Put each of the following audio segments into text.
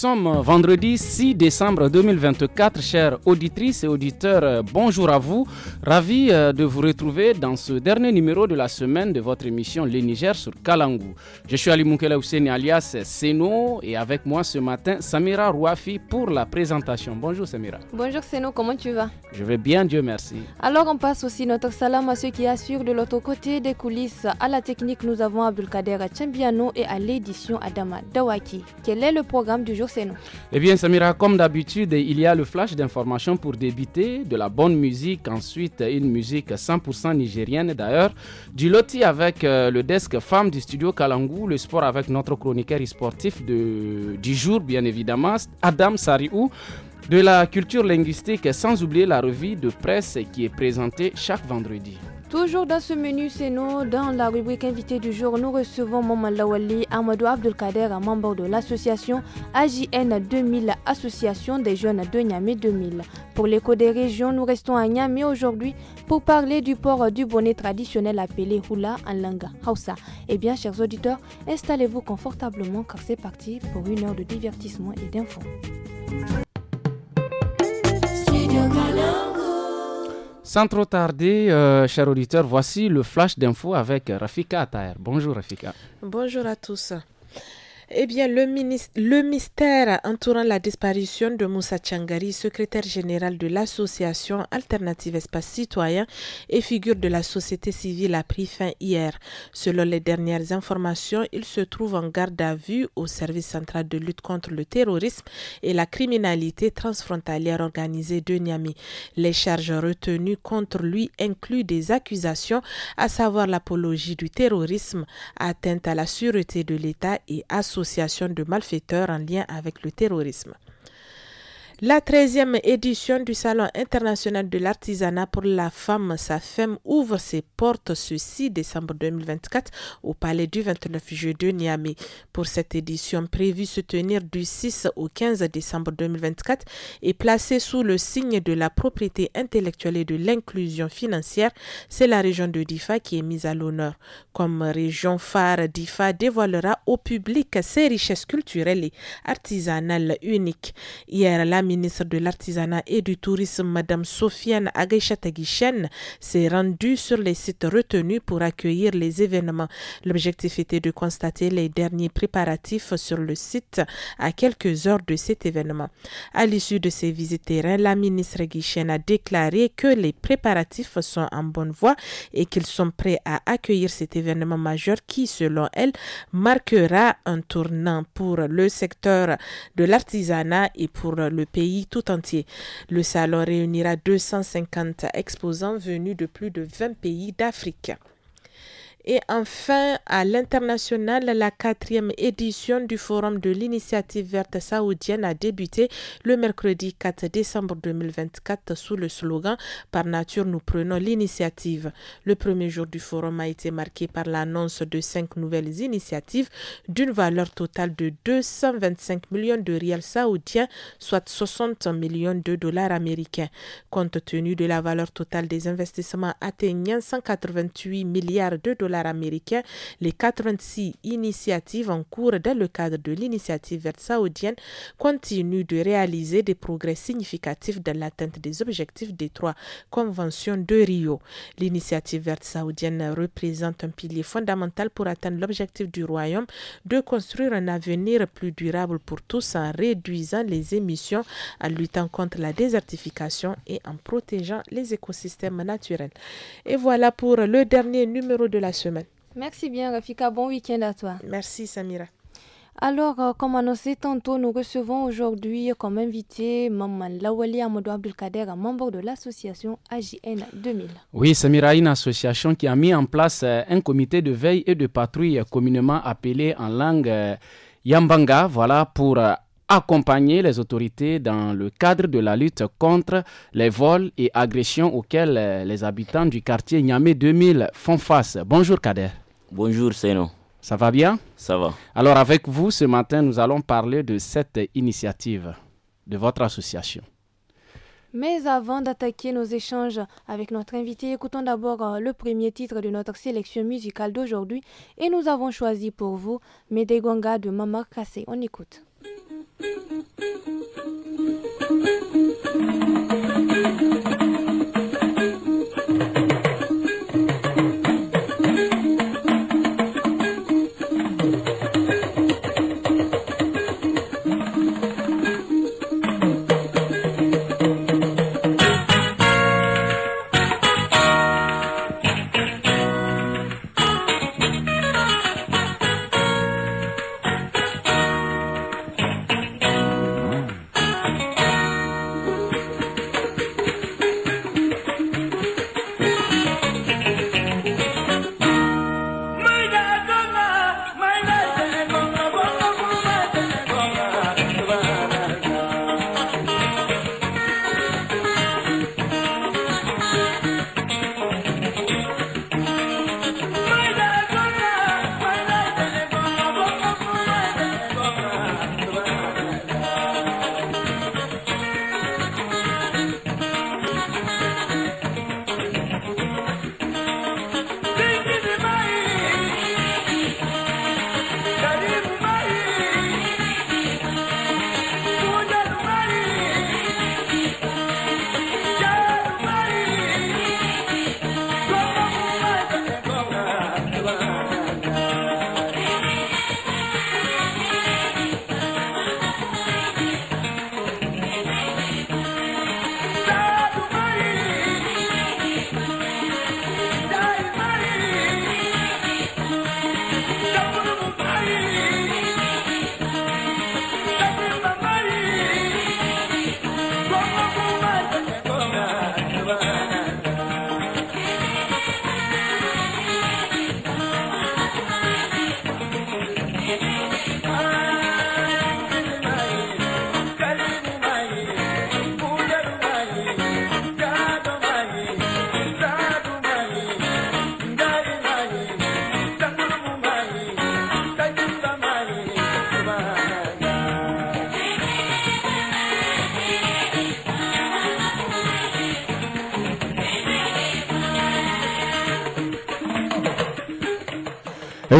sommes vendredi 6 décembre 2024. Chères auditrices et auditeurs, bonjour à vous. Ravi euh, de vous retrouver dans ce dernier numéro de la semaine de votre émission Les Niger sur Kalangou. Je suis Ali Moukela Ouseni alias Seno et avec moi ce matin Samira Rouafi pour la présentation. Bonjour Samira. Bonjour Seno, comment tu vas Je vais bien, Dieu merci. Alors on passe aussi notre salam à ceux qui assurent de l'autre côté des coulisses. À la technique, nous avons à à Tchambiano et à l'édition Adama Dawaki. Quel est le programme du jour eh bien, Samira, comme d'habitude, il y a le flash d'information pour débuter, de la bonne musique, ensuite une musique 100% nigérienne d'ailleurs, du loti avec euh, le desk femme du studio Kalangou, le sport avec notre chroniqueur sportif de, du jour, bien évidemment, Adam Sariou de la culture linguistique, sans oublier la revue de presse qui est présentée chaque vendredi. Toujours dans ce menu, c'est nous, dans la rubrique invité du jour, nous recevons Maman Lawali Amadou Abdelkader, membre de l'association AJN 2000, Association des jeunes de Niamey 2000. Pour l'écho des régions, nous restons à Niamey aujourd'hui pour parler du port du bonnet traditionnel appelé Hula en langue Hausa. Eh bien, chers auditeurs, installez-vous confortablement car c'est parti pour une heure de divertissement et d'infos. Sans trop tarder, euh, chers auditeurs, voici le flash d'infos avec Rafika Attaer. Bonjour Rafika. Bonjour à tous. Eh bien, le, ministre, le mystère entourant la disparition de Moussa Tchangari, secrétaire général de l'association Alternative Espace Citoyen et figure de la société civile, a pris fin hier. Selon les dernières informations, il se trouve en garde à vue au service central de lutte contre le terrorisme et la criminalité transfrontalière organisée de Niamey. Les charges retenues contre lui incluent des accusations, à savoir l'apologie du terrorisme, atteinte à la sûreté de l'État et son association de malfaiteurs en lien avec le terrorisme. La 13e édition du Salon international de l'artisanat pour la femme, sa femme, ouvre ses portes ce 6 décembre 2024 au palais du 29 juillet de Niamey. Pour cette édition prévue se tenir du 6 au 15 décembre 2024 et placée sous le signe de la propriété intellectuelle et de l'inclusion financière, c'est la région de Difa qui est mise à l'honneur. Comme région phare, Difa dévoilera au public ses richesses culturelles et artisanales uniques. Hier, la ministre de l'Artisanat et du Tourisme, Madame Sofiane agaïcha s'est rendue sur les sites retenus pour accueillir les événements. L'objectif était de constater les derniers préparatifs sur le site à quelques heures de cet événement. À l'issue de ces visites terrain, la ministre Guichen a déclaré que les préparatifs sont en bonne voie et qu'ils sont prêts à accueillir cet événement majeur qui, selon elle, marquera un tournant pour le secteur de l'artisanat et pour le pays pays tout entier. Le salon réunira 250 exposants venus de plus de 20 pays d'Afrique. Et enfin, à l'international, la quatrième édition du Forum de l'initiative verte saoudienne a débuté le mercredi 4 décembre 2024 sous le slogan Par nature, nous prenons l'initiative. Le premier jour du forum a été marqué par l'annonce de cinq nouvelles initiatives d'une valeur totale de 225 millions de riels saoudiens, soit 60 millions de dollars américains. Compte tenu de la valeur totale des investissements atteignant 188 milliards de dollars, américain les 86 initiatives en cours dans le cadre de l'initiative verte saoudienne continuent de réaliser des progrès significatifs dans l'atteinte des objectifs des trois conventions de Rio. L'initiative verte saoudienne représente un pilier fondamental pour atteindre l'objectif du Royaume de construire un avenir plus durable pour tous en réduisant les émissions, en luttant contre la désertification et en protégeant les écosystèmes naturels. Et voilà pour le dernier numéro de la semaine. Merci bien, Rafika. Bon week-end à toi. Merci, Samira. Alors, euh, comme annoncé tantôt, nous recevons aujourd'hui comme invité Maman Lawali Amadou Abdelkader, membre de l'association AJN 2000. Oui, Samira, une association qui a mis en place euh, un comité de veille et de patrouille communément appelé en langue euh, Yambanga, voilà, pour accompagner les autorités dans le cadre de la lutte contre les vols et agressions auxquels euh, les habitants du quartier Niamey 2000 font face. Bonjour Kader. Bonjour Seno. Ça va bien Ça va. Alors avec vous, ce matin, nous allons parler de cette initiative de votre association. Mais avant d'attaquer nos échanges avec notre invité, écoutons d'abord euh, le premier titre de notre sélection musicale d'aujourd'hui et nous avons choisi pour vous Medegonga de Mama Kassé. On écoute. Thank you.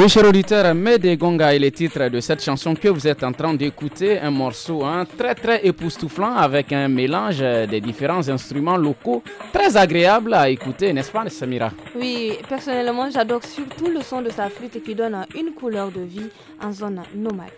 Oui, cher auditeur, Mede Gonga est le titre de cette chanson que vous êtes en train d'écouter. Un morceau hein, très très époustouflant avec un mélange des différents instruments locaux. Très agréable à écouter, n'est-ce pas, Samira Oui, personnellement, j'adore surtout le son de sa flûte qui donne une couleur de vie en zone nomade.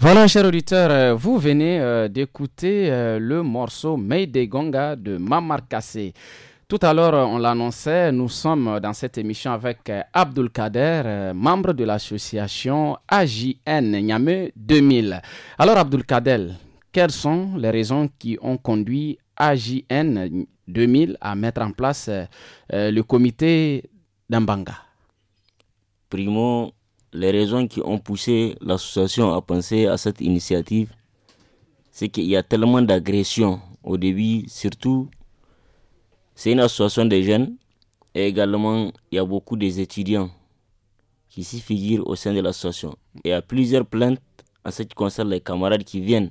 Voilà, chers auditeurs, euh, vous venez euh, d'écouter euh, le morceau "Made Gonga de Mamar Kassé. Tout à l'heure, on l'annonçait, nous sommes dans cette émission avec Abdul Kader, membre de l'association AJN Nyame 2000. Alors, Abdul Kader, quelles sont les raisons qui ont conduit AJN 2000 à mettre en place le comité d'Ambanga Primo, les raisons qui ont poussé l'association à penser à cette initiative, c'est qu'il y a tellement d'agressions au début, surtout c'est une association des jeunes et également il y a beaucoup des étudiants qui s'y figurent au sein de l'association. il y a plusieurs plaintes en ce qui concerne les camarades qui viennent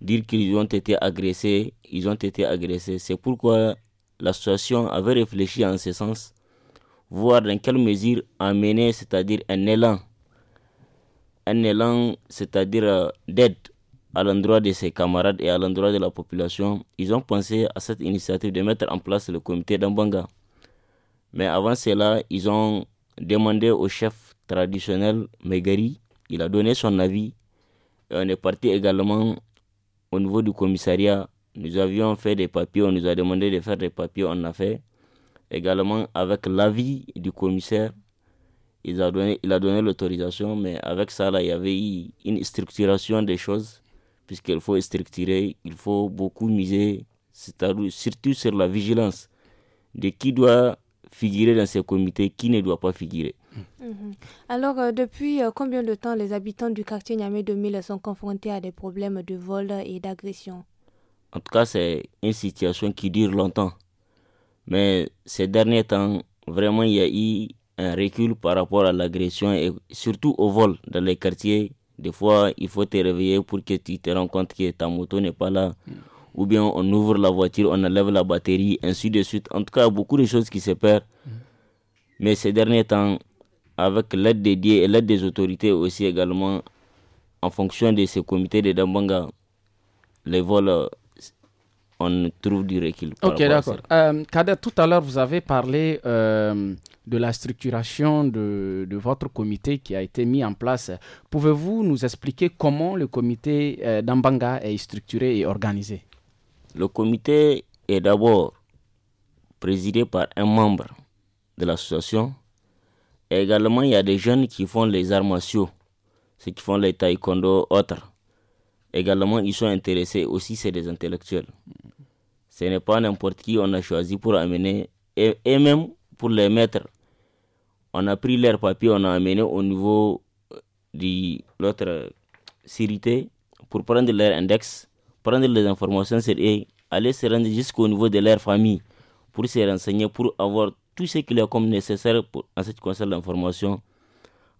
dire qu'ils ont été agressés, ils ont été agressés. C'est pourquoi l'association avait réfléchi en ce sens voir dans quelle mesure amener, c'est-à-dire un élan, un élan, c'est-à-dire euh, d'aide à l'endroit de ses camarades et à l'endroit de la population, ils ont pensé à cette initiative de mettre en place le comité d'Ambanga. Mais avant cela, ils ont demandé au chef traditionnel Megari, il a donné son avis. Et on est parti également au niveau du commissariat. Nous avions fait des papiers, on nous a demandé de faire des papiers, on a fait également avec l'avis du commissaire. Il a donné, il a donné l'autorisation, mais avec ça, là, il y avait une structuration des choses, puisqu'il faut structurer, il faut beaucoup miser, surtout sur la vigilance de qui doit figurer dans ces comités, qui ne doit pas figurer. Mhm. Alors, euh, depuis euh, combien de temps les habitants du quartier Niamey 2000 sont confrontés à des problèmes de vol et d'agression En tout cas, c'est une situation qui dure longtemps. Mais ces derniers temps, vraiment, il y a eu un recul par rapport à l'agression et surtout au vol dans les quartiers. Des fois, il faut te réveiller pour que tu te rends compte que ta moto n'est pas là. Mm. Ou bien on ouvre la voiture, on enlève la batterie, ainsi de suite. En tout cas, beaucoup de choses qui se perdent. Mm. Mais ces derniers temps, avec l'aide des dieux et l'aide des autorités aussi également, en fonction de ces comités de Dambanga, les vols euh, on trouve du recul. ok, d'accord. Euh, Kader, tout à l'heure, vous avez parlé euh, de la structuration de, votre comité qui a été mis en place. Pouvez-vous nous expliquer comment le comité euh, d'Ambanga est structuré et organisé Le comité est d'abord présidé par un membre de l'association. Également, il y a des jeunes qui font les arts martiaux, ceux qui font les taekwondo, autres également ils sont intéressés aussi c'est des intellectuels ce n'est pas n'importe qui on a choisi pour amener, et, même pour les mettre. On a pris leurs papiers, on a amené au niveau euh, de l'autre cirité pour prendre leur index, prendre les informations et aller se rendre jusqu'au niveau de leur famille pour se renseigner, pour avoir tout ce qu'il y a comme nécessaire pour, en ce qui l'information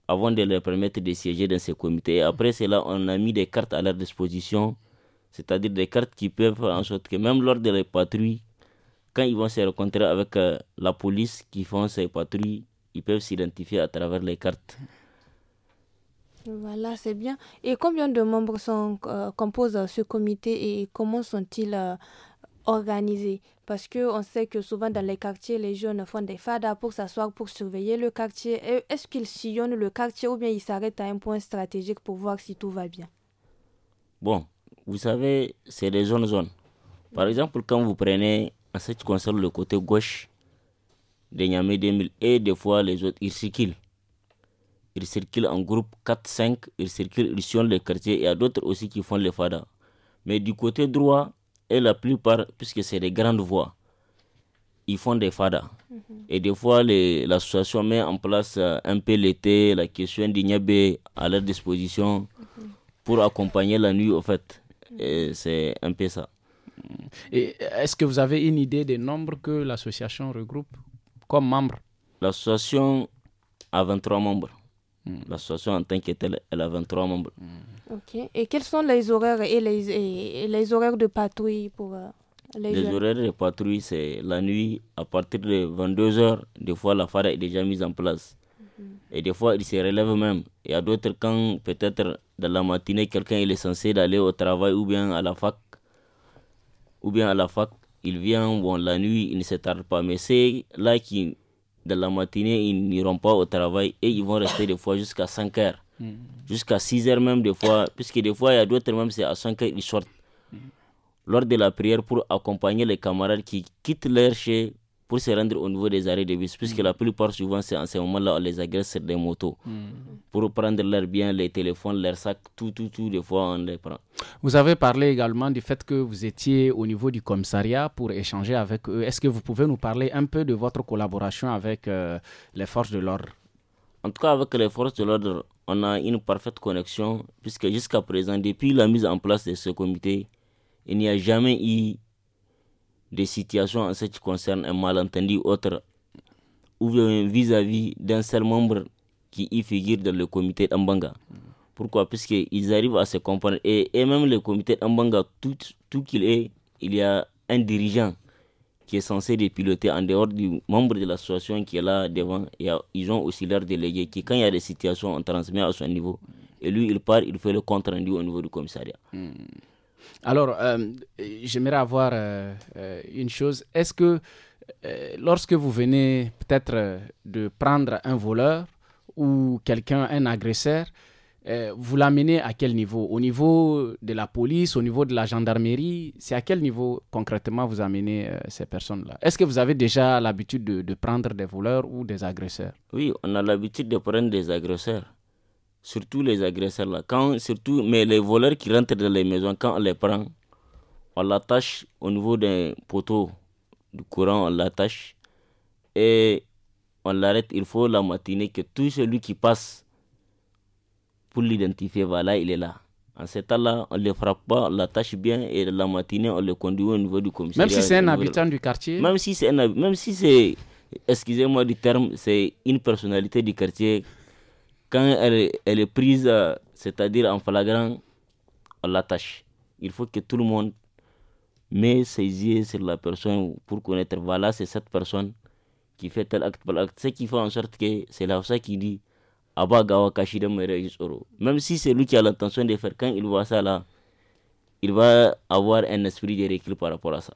avant de leur permettre de siéger dans ces comités. après cela, on a mis des cartes à leur disposition c'est-à-dire des cartes qui peuvent faire en sorte que même lors des la patrouille, quand ils vont se rencontrer avec euh, la police qui font ces patrouilles, ils peuvent s'identifier à travers les cartes. Voilà, c'est bien. Et combien de membres sont, euh, composent ce comité et comment sont-ils euh, organisés Parce qu'on sait que souvent dans les quartiers, les jeunes font des fadas pour s'asseoir, pour surveiller le quartier. Est-ce qu'ils sillonnent le quartier ou bien ils s'arrêtent à un point stratégique pour voir si tout va bien Bon, vous savez, c'est des zones zones. Par exemple, quand vous prenez à cette console le côté gauche de Niamey 2000 et des fois les autres, ils circulent. Ils circulent en groupe 4-5, ils circulent, ils le les quartiers. Il y a d'autres aussi qui font les fadas. Mais du côté droit, et la plupart, puisque c'est des grandes voies, ils font des fadas. Mhm. Et des fois, l'association met en place euh, un peu l'été, la question d'Ignabé à leur disposition mhm. pour accompagner la nuit, au fait. Et c'est un peu ça. Et est-ce que vous avez une idée des nombres que l'association regroupe comme membres L'association a 23 membres. Hmm. L'association en tant que elle a 23 membres. Hmm. Ok. Et quels sont les horaires et les, les horaires de patrouille pour euh, les les, les horaires de patrouille, c'est la nuit à partir de 22h. Des fois, la FARA est déjà mise en place. Et des fois, ils se relèvent même. Il y a d'autres, quand peut-être dans la matinée, quelqu'un est censé d'aller au travail ou bien à la fac, ou bien à la fac, il vient, bon, la nuit, il ne se tarde pas. Mais c'est là qui, dans la matinée, ils n'iront pas au travail et ils vont rester des fois jusqu'à 5 heures. Mm. Jusqu'à 6 heures même des fois, puisque des fois, il y a d'autres même, c'est à 5 heures, ils sortent. Mm. Lors de la prière pour accompagner les camarades qui quittent leur chez pour se rendre au niveau des arrêts de bus, puisque mm. la plupart souvent, c'est en ce moment-là, on les agresse sur des motos. Mm. Pour prendre leurs biens, les téléphones, leurs sacs, tout, tout, tout, des fois, on les prend. Vous avez parlé également du fait que vous étiez au niveau du commissariat pour échanger avec eux. Est-ce que vous pouvez nous parler un peu de votre collaboration avec euh, les forces de l'ordre En tout cas, avec les forces de l'ordre, on a une parfaite connexion, puisque jusqu'à présent, depuis la mise en place de ce comité, il n'y a jamais eu des situations en ce qui concerne un malentendu autre ou vis-à-vis d'un seul membre qui y figure dans le comité d'Ambanga. Pourquoi Puisqu'ils arrivent à se comprendre. Et, même le comité d'Ambanga, tout, tout qu'il est, il y a un dirigeant qui est censé les piloter en dehors du membre de l'association qui est là devant. Et euh, ils ont aussi leur délégué qui, quand il y a des situations, on transmet à son niveau. Et lui, il part, il fait le compte rendu au niveau du commissariat. Hmm. Alors, euh, j'aimerais avoir euh, euh, une chose. Est-ce que lorsque vous venez peut-être de prendre un voleur ou quelqu'un, un agresseur, vous l'amenez à quel niveau Au niveau de la police, au niveau de la gendarmerie C'est à quel niveau concrètement vous amenez ces personnes-là Est-ce que vous avez déjà l'habitude de prendre des voleurs ou des agresseurs Oui, on a l'habitude de prendre des agresseurs surtout les agresseurs là, quand, surtout, mais les voleurs qui rentrent dans les maisons, quand on les prend, on l'attache au niveau d'un poteau du courant, on l'attache et on l'arrête. Il faut la matinée que tout celui qui passe pour l'identifier, voilà, il est là. En ce temps-là, on ne le frappe pas, on l'attache bien et la matinée, on le conduit au niveau du commissariat. Même si c'est un habitant du quartier Même si c'est Même si c'est, excusez-moi du terme, c'est une personnalité du quartier quand elle, est prise, euh, c'est-à-dire en flagrant, on l'attache. Il faut que tout le monde met ses yeux sur la personne pour connaître, voilà, c'est cette personne qui fait tel acte, tel acte. Ce qui fait en sorte que c'est là ça qui dit Même si c'est lui qui a l'intention de faire, quand il voit ça là, il va avoir un esprit de recul par rapport à ça.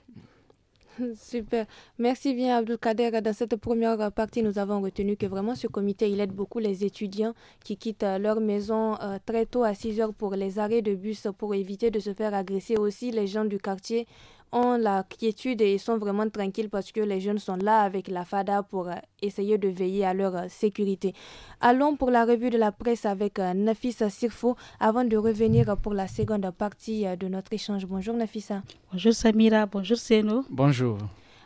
Super. Merci bien, Kader. Dans cette première partie, nous avons retenu que vraiment ce comité, il aide beaucoup les étudiants qui quittent euh, leur maison euh, très tôt à 6 heures pour les arrêts de bus pour éviter de se faire agresser aussi les gens du quartier ont la quiétude et sont vraiment tranquilles parce que les jeunes sont là avec la FADA pour euh, essayer de veiller à leur euh, sécurité. Allons pour la revue de la presse avec euh, Nafisa Sirfo avant de revenir pour la seconde partie de notre échange. Bonjour Nafisa. Bonjour Samira, bonjour Seno. Bonjour.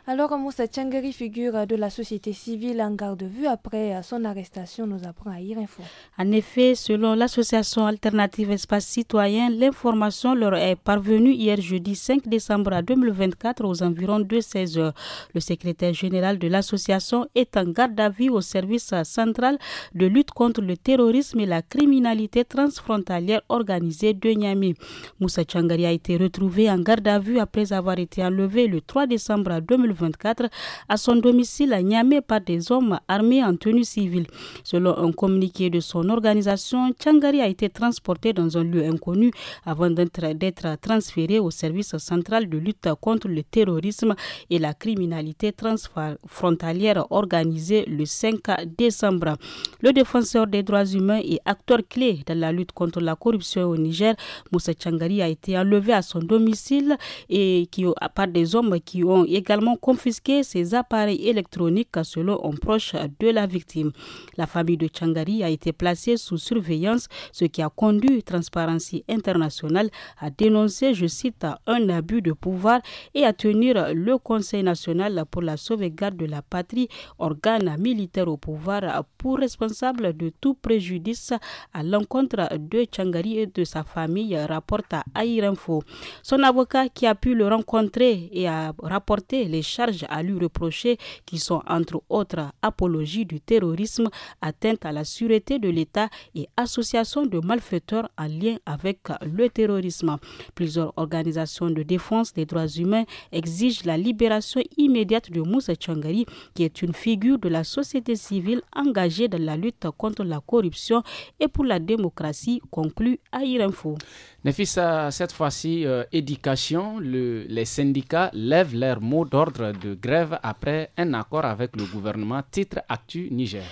Alors Moussa Tchangari, figure de la société civile en garde vue après euh, son arrestation, nous apprend à Info. En effet, selon l'association Alternative Espace Citoyen, l'information leur est parvenue hier jeudi 5 décembre 2024 aux environs de 16 heures. Le secrétaire général de l'association est en garde à vue au service central de lutte contre le terrorisme et la criminalité transfrontalière organisée de Niamey. Moussa Tchangari a été retrouvé en garde à vue après avoir été enlevé le 3 décembre 2024 24 à son domicile à Niamey par des hommes armés en tenue civile. Selon un communiqué de son organisation, Tchangari a été transporté dans un lieu inconnu avant d'être transféré au service central de lutte contre le terrorisme et la criminalité transfrontalière organisée le 5 décembre. Le défenseur des droits humains et acteur clé dans la lutte contre la corruption au Niger, Moussa Tchangari a été enlevé à son domicile et qui, par des hommes qui ont également confisquer ses appareils électroniques selon un proche de la victime. La famille de Changari a été placée sous surveillance, ce qui a conduit Transparency International à dénoncer, je cite, un abus de pouvoir et à tenir le Conseil national pour la sauvegarde de la patrie, organe militaire au pouvoir, pour responsable de tout préjudice à l'encontre de Changari et de sa famille, rapporte à Info. Son avocat qui a pu le rencontrer et a rapporté les charge à lui reprocher qui sont entre autres apologie du terrorisme, atteinte à la sûreté de l'État et association de malfaiteurs en lien avec le terrorisme. Plusieurs organisations de défense des droits humains exigent la libération immédiate de Moussa Tchangari qui est une figure de la société civile engagée dans la lutte contre la corruption et pour la démocratie, conclut Info. Nefissa, cette fois-ci, euh, éducation, les syndicats lèvent leur mot d'ordre de grève après un accord avec le gouvernement, titre Actu Niger.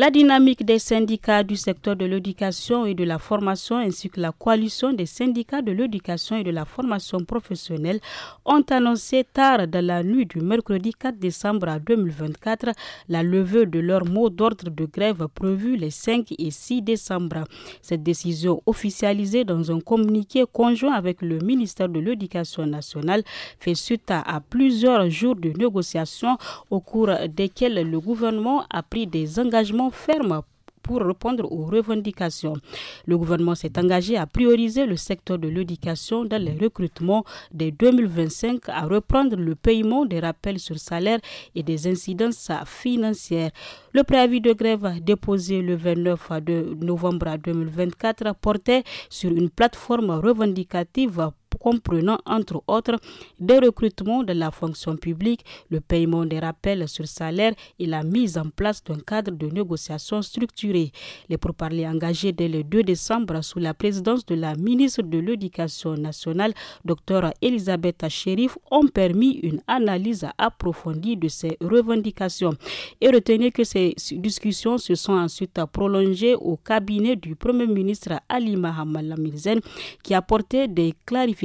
La dynamique des syndicats du secteur de l'éducation et de la formation ainsi que la coalition des syndicats de l'éducation et de la formation professionnelle ont annoncé tard dans la nuit du mercredi 4 décembre 2024 la levée de leur mot d'ordre de grève prévu les 5 et 6 décembre. Cette décision officialisée dans un communiqué conjoint avec le ministère de l'Éducation nationale fait suite à, plusieurs jours de négociations au cours desquels le gouvernement a pris des engagements ferme pour répondre aux revendications. Le gouvernement s'est engagé à prioriser le secteur de l'éducation dans les recrutements dès 2025, à reprendre le paiement des rappels sur salaire et des incidences financières. Le préavis de grève déposé le 29 novembre 2024 portait sur une plateforme revendicative comprenant entre autres des recrutements de la fonction publique, le paiement des rappels sur salaire et la mise en place d'un cadre de négociation structuré. Les pourparlers engagés dès le 2 décembre sous la présidence de la ministre de l'Éducation nationale, Dr Elisabeth shérif ont permis une analyse approfondie de ces revendications. Et retenez que ces discussions se sont ensuite prolongées au cabinet du Premier ministre Ali Mahamal Lamirzen qui a porté des clarifications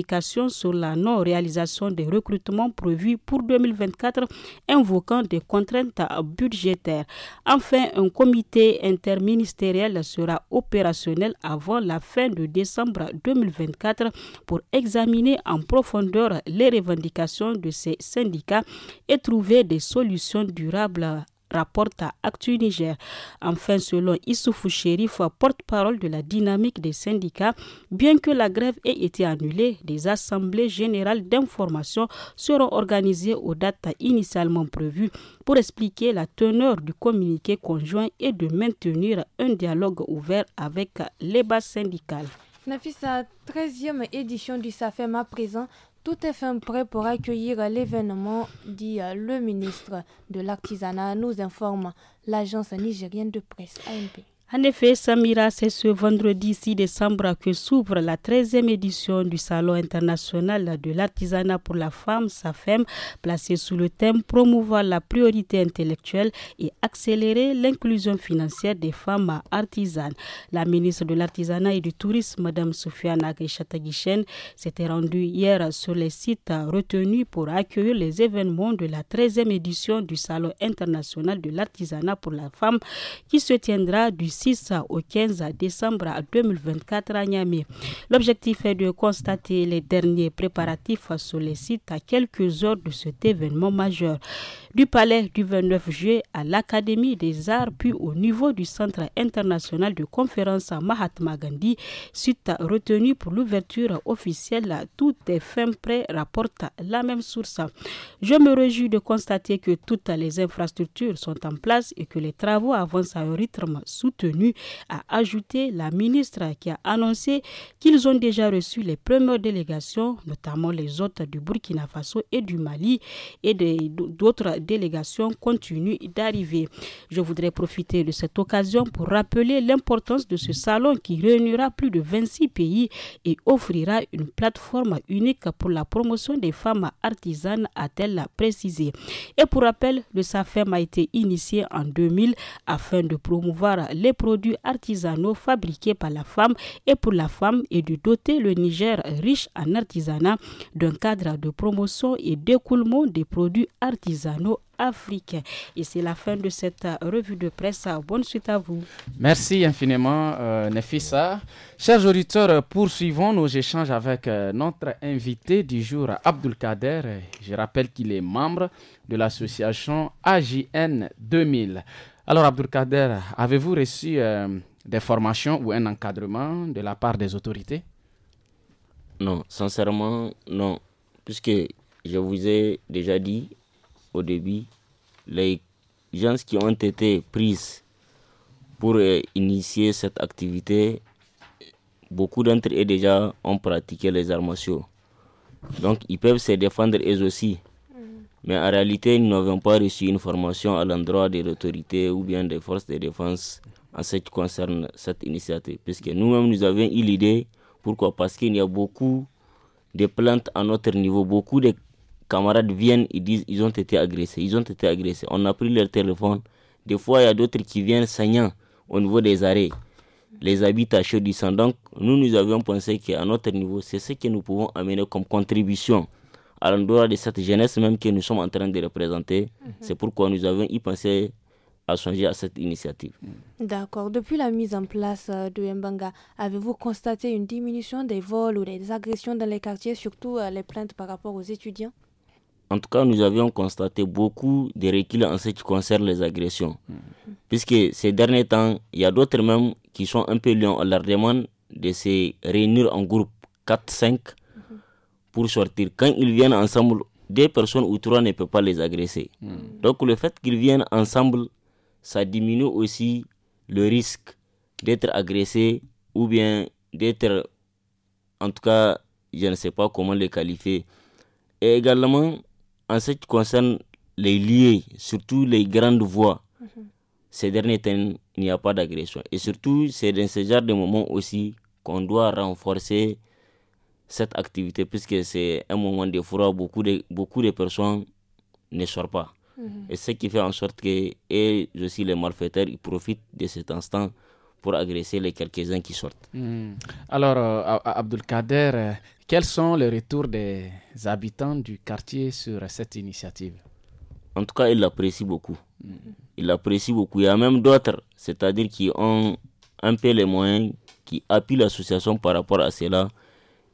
sur la non-réalisation des recrutements prévus pour 2024, invoquant des contraintes budgétaires. Enfin, un comité interministériel sera opérationnel avant la fin de décembre 2024 pour examiner en profondeur les revendications de ces syndicats et trouver des solutions durables rapporte à Actu Niger. Enfin, selon Issoufou Chérif, porte-parole de la dynamique des syndicats, bien que la grève ait été annulée, des assemblées générales d'information seront organisées aux dates initialement prévues pour expliquer la teneur du communiqué conjoint et de maintenir un dialogue ouvert avec les bases syndicales. Nafisa, 13e édition du SAFEM à présent, tout est fait prêt pour accueillir l'événement, dit euh, le ministre de l'Artisanat, nous informe l'agence nigérienne de presse AMP. En effet, Samira, c'est ce vendredi 6 décembre que s'ouvre la 13e édition du Salon international de l'artisanat pour la femme, SAFEM, placé sous le thème Promouvoir la priorité intellectuelle et accélérer l'inclusion financière des femmes artisanes. La ministre de l'Artisanat et du Tourisme, Mme Soufiane Agrichataghichen, s'était rendue hier sur les sites retenus pour accueillir les événements de la 13e édition du Salon international de l'artisanat pour la femme qui se tiendra du 6 au 15 décembre 2024 à Niamey. L'objectif est de constater les derniers préparatifs sur les sites à quelques heures de cet événement majeur du palais du 29 juillet à l'Académie des arts, puis au niveau du Centre international de conférences Mahatma Gandhi, suite retenue pour l'ouverture officielle. Toutes les fin prêt rapporte la même source. Je me réjouis de constater que toutes les infrastructures sont en place et que les travaux avancent à un rythme soutenu, a ajouté la ministre qui a annoncé qu'ils ont déjà reçu les premières délégations, notamment les hôtes du Burkina Faso et du Mali et d'autres délégation continue d'arriver. Je voudrais profiter de cette occasion pour rappeler l'importance de ce salon qui réunira plus de 26 pays et offrira une plateforme unique pour la promotion des femmes artisanes, a-t-elle précisé. Et pour rappel, le SAFEM a été initié en 2000 afin de promouvoir les produits artisanaux fabriqués par la femme et pour la femme et de doter le Niger riche en artisanat d'un cadre de promotion et d'écoulement des produits artisanaux Afrique. Et c'est la fin de cette euh, revue de presse. Bonne suite à vous. Merci infiniment, Nefisa. Euh, Nefissa. Chers auditeurs, poursuivons nos échanges avec euh, notre invité du jour, Abdulkader. Je rappelle qu'il est membre de l'association AJN 2000. Alors, Abdulkader, avez-vous reçu des formations ou un encadrement de la part des autorités Non, sincèrement, non. Puisque je vous ai déjà dit, au début, les gens qui ont été prises pour euh, initier cette activité, beaucoup d'entre eux déjà ont pratiqué les arts martiaux. Donc ils peuvent se défendre eux aussi. Mm. Mais en réalité, ils n'avons pas reçu une formation à l'endroit de l'autorité ou bien des forces de défense en ce qui concerne cette initiative. Puisque nous-mêmes, nous avons eu l'idée. Pourquoi Parce qu'il y a beaucoup de plantes à notre niveau, beaucoup de camarades viennent, ils disent ils ont été agressés, ils ont été agressés. On a pris leur téléphone. Des fois, il y a d'autres qui viennent saignant au niveau des arrêts. Les habitations chauds Donc, nous, nous avions pensé qu'à notre niveau, c'est ce que nous pouvons amener comme contribution à l'endroit de cette jeunesse même que nous sommes en train de représenter. Mhm. C'est pourquoi nous avons y pensé à changer à cette initiative. D'accord. Depuis la mise en place euh, de Mbanga, avez-vous constaté une diminution des vols ou des agressions dans les quartiers, surtout euh, les plaintes par rapport aux étudiants en tout cas, nous avions constaté beaucoup de recul en ce qui concerne les agressions. Mhm. Puisque ces derniers temps, il y a d'autres même qui sont un peu lions. à leur demande de se réunir en groupe 4-5 mhm. pour sortir. Quand ils viennent ensemble, deux personnes ou trois ne peuvent pas les agresser. Mhm. Donc le fait qu'ils viennent ensemble, ça diminue aussi le risque d'être agressé ou bien d'être, en tout cas, je ne sais pas comment les qualifier. Et également, en ce qui concerne les liés, surtout les grandes voies, mhm. ces derniers temps, il n'y a pas d'agression. Et surtout, c'est dans ce genre de moment aussi qu'on doit renforcer cette activité, puisque c'est un moment de froid, beaucoup de, beaucoup de personnes ne sortent pas. Mhm. Et ce qui fait en sorte que, et aussi les malfaiteurs, ils profitent de cet instant pour agresser les quelques-uns qui sortent. Hmm. Alors, euh, Abdelkader, euh, quels sont les retours des habitants du quartier sur cette initiative En tout cas, ils l'apprécient beaucoup. Mm. Ils beaucoup. Il y a même d'autres, c'est-à-dire qui ont un peu les moyens, qui appuient l'association par rapport à cela.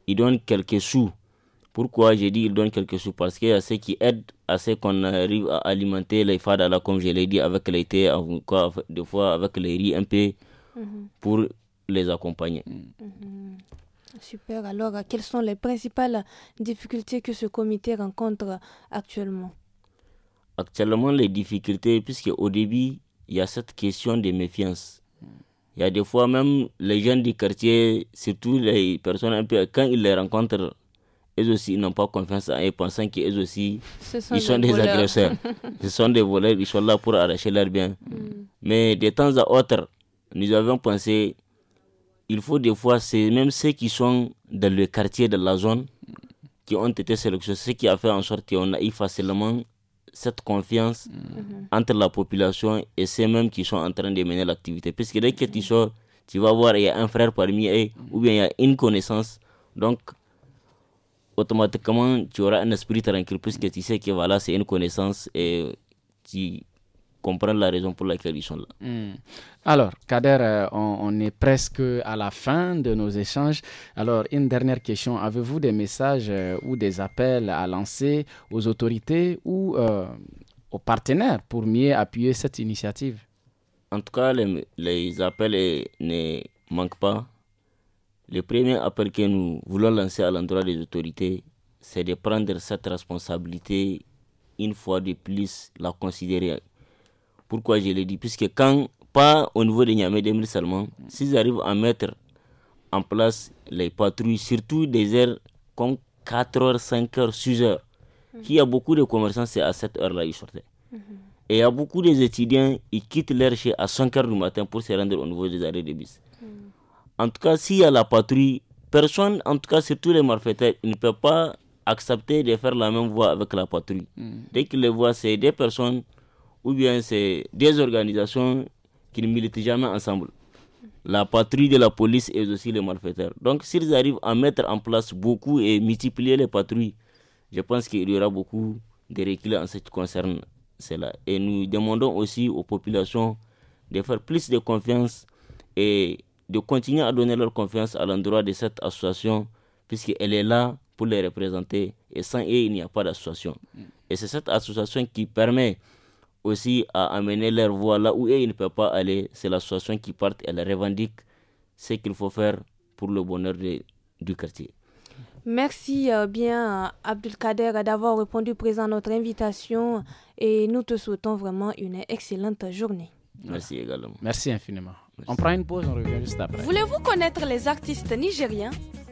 Ils donnent quelques sous. Pourquoi j'ai dit ils donnent quelques sous Parce qu'il y a ceux qui aident à ce qu'on arrive à alimenter les fadas, comme je l'ai dit, avec les thés, des fois avec les riz un peu, mm-hmm. pour les accompagner. Mm. Mm-hmm. Super. Alors, euh, quelles sont les principales difficultés que ce comité rencontre actuellement Actuellement, les difficultés, puisque au début, il y a cette question de méfiance. Hmm. Il y a des fois même les gens du quartier, surtout les personnes un peu, quand ils les rencontrent, elles aussi n'ont pas confiance en eux, pensant qu'elles aussi, ils sont des, agresseurs. Ce sont des voleurs, ils sont là pour arracher leurs biens. Hmm. Mais de temps à autre, nous avons pensé il faut des fois, c'est même ceux qui sont dans le quartier de la zone qui ont été sélectionnés, ce qui a fait en sorte qu'on ait facilement cette confiance mhm. entre la population et ceux mêmes qui sont en train de mener l'activité. Parce que dès que tu sors, tu vas voir, il y a un frère parmi eux, ou bien il y a une connaissance. Donc, automatiquement, tu auras un esprit tranquille, puisque tu sais que voilà, c'est une connaissance et tu comprendre la raison pour laquelle ils sont là. Hmm. Alors, Kader, euh, on, est presque à la fin de nos échanges. Alors, une dernière question. Avez-vous des messages euh, ou des appels à lancer aux autorités ou euh, aux partenaires pour mieux appuyer cette initiative En tout cas, les, appels ne manquent pas. Le premier appel que nous voulons lancer à l'endroit des autorités, c'est de prendre cette responsabilité une fois de plus, la considérer pourquoi je l'ai dis Puisque quand, pas au niveau de Niamey 2000 seulement, s'ils arrivent à mettre en place les patrouilles, surtout des heures comme 4h, 5h, 6h, qui y a beaucoup de commerçants, c'est à cette heure-là ils sortaient. Mhm. Et il y a beaucoup des étudiants, ils quittent leur chez à 5h du matin pour se rendre au niveau des arrêts de bus. Mhm. En tout cas, s'il y a la patrouille, personne, en tout cas surtout les malfaiteurs, ne peut pas accepter de faire la même voie avec la patrouille. Mhm. Dès qu'ils le voient, c'est des personnes ou bien c'est des organisations qui ne militent jamais ensemble. La patrouille de la police et aussi les malfaiteurs. Donc s'ils arrivent à mettre en place beaucoup et multiplier les patrouilles, je pense qu'il y aura beaucoup de recul en ce qui concerne cela. Et nous demandons aussi aux populations de faire plus de confiance et de continuer à donner leur confiance à l'endroit de cette association, puisqu'elle est là pour les représenter, et sans elle, il n'y a pas d'association. Et c'est cette association qui permet aussi à amener leur voix là où ils ne peuvent pas aller. C'est l'association qui part, elle revendique ce qu'il faut faire pour le bonheur du quartier. Merci euh, bien euh, Abdelkader d'avoir répondu présent à notre invitation et nous te souhaitons vraiment une excellente journée. Merci également. Merci infiniment. On prend une pause, on revient juste après. Voulez-vous connaître les artistes nigériens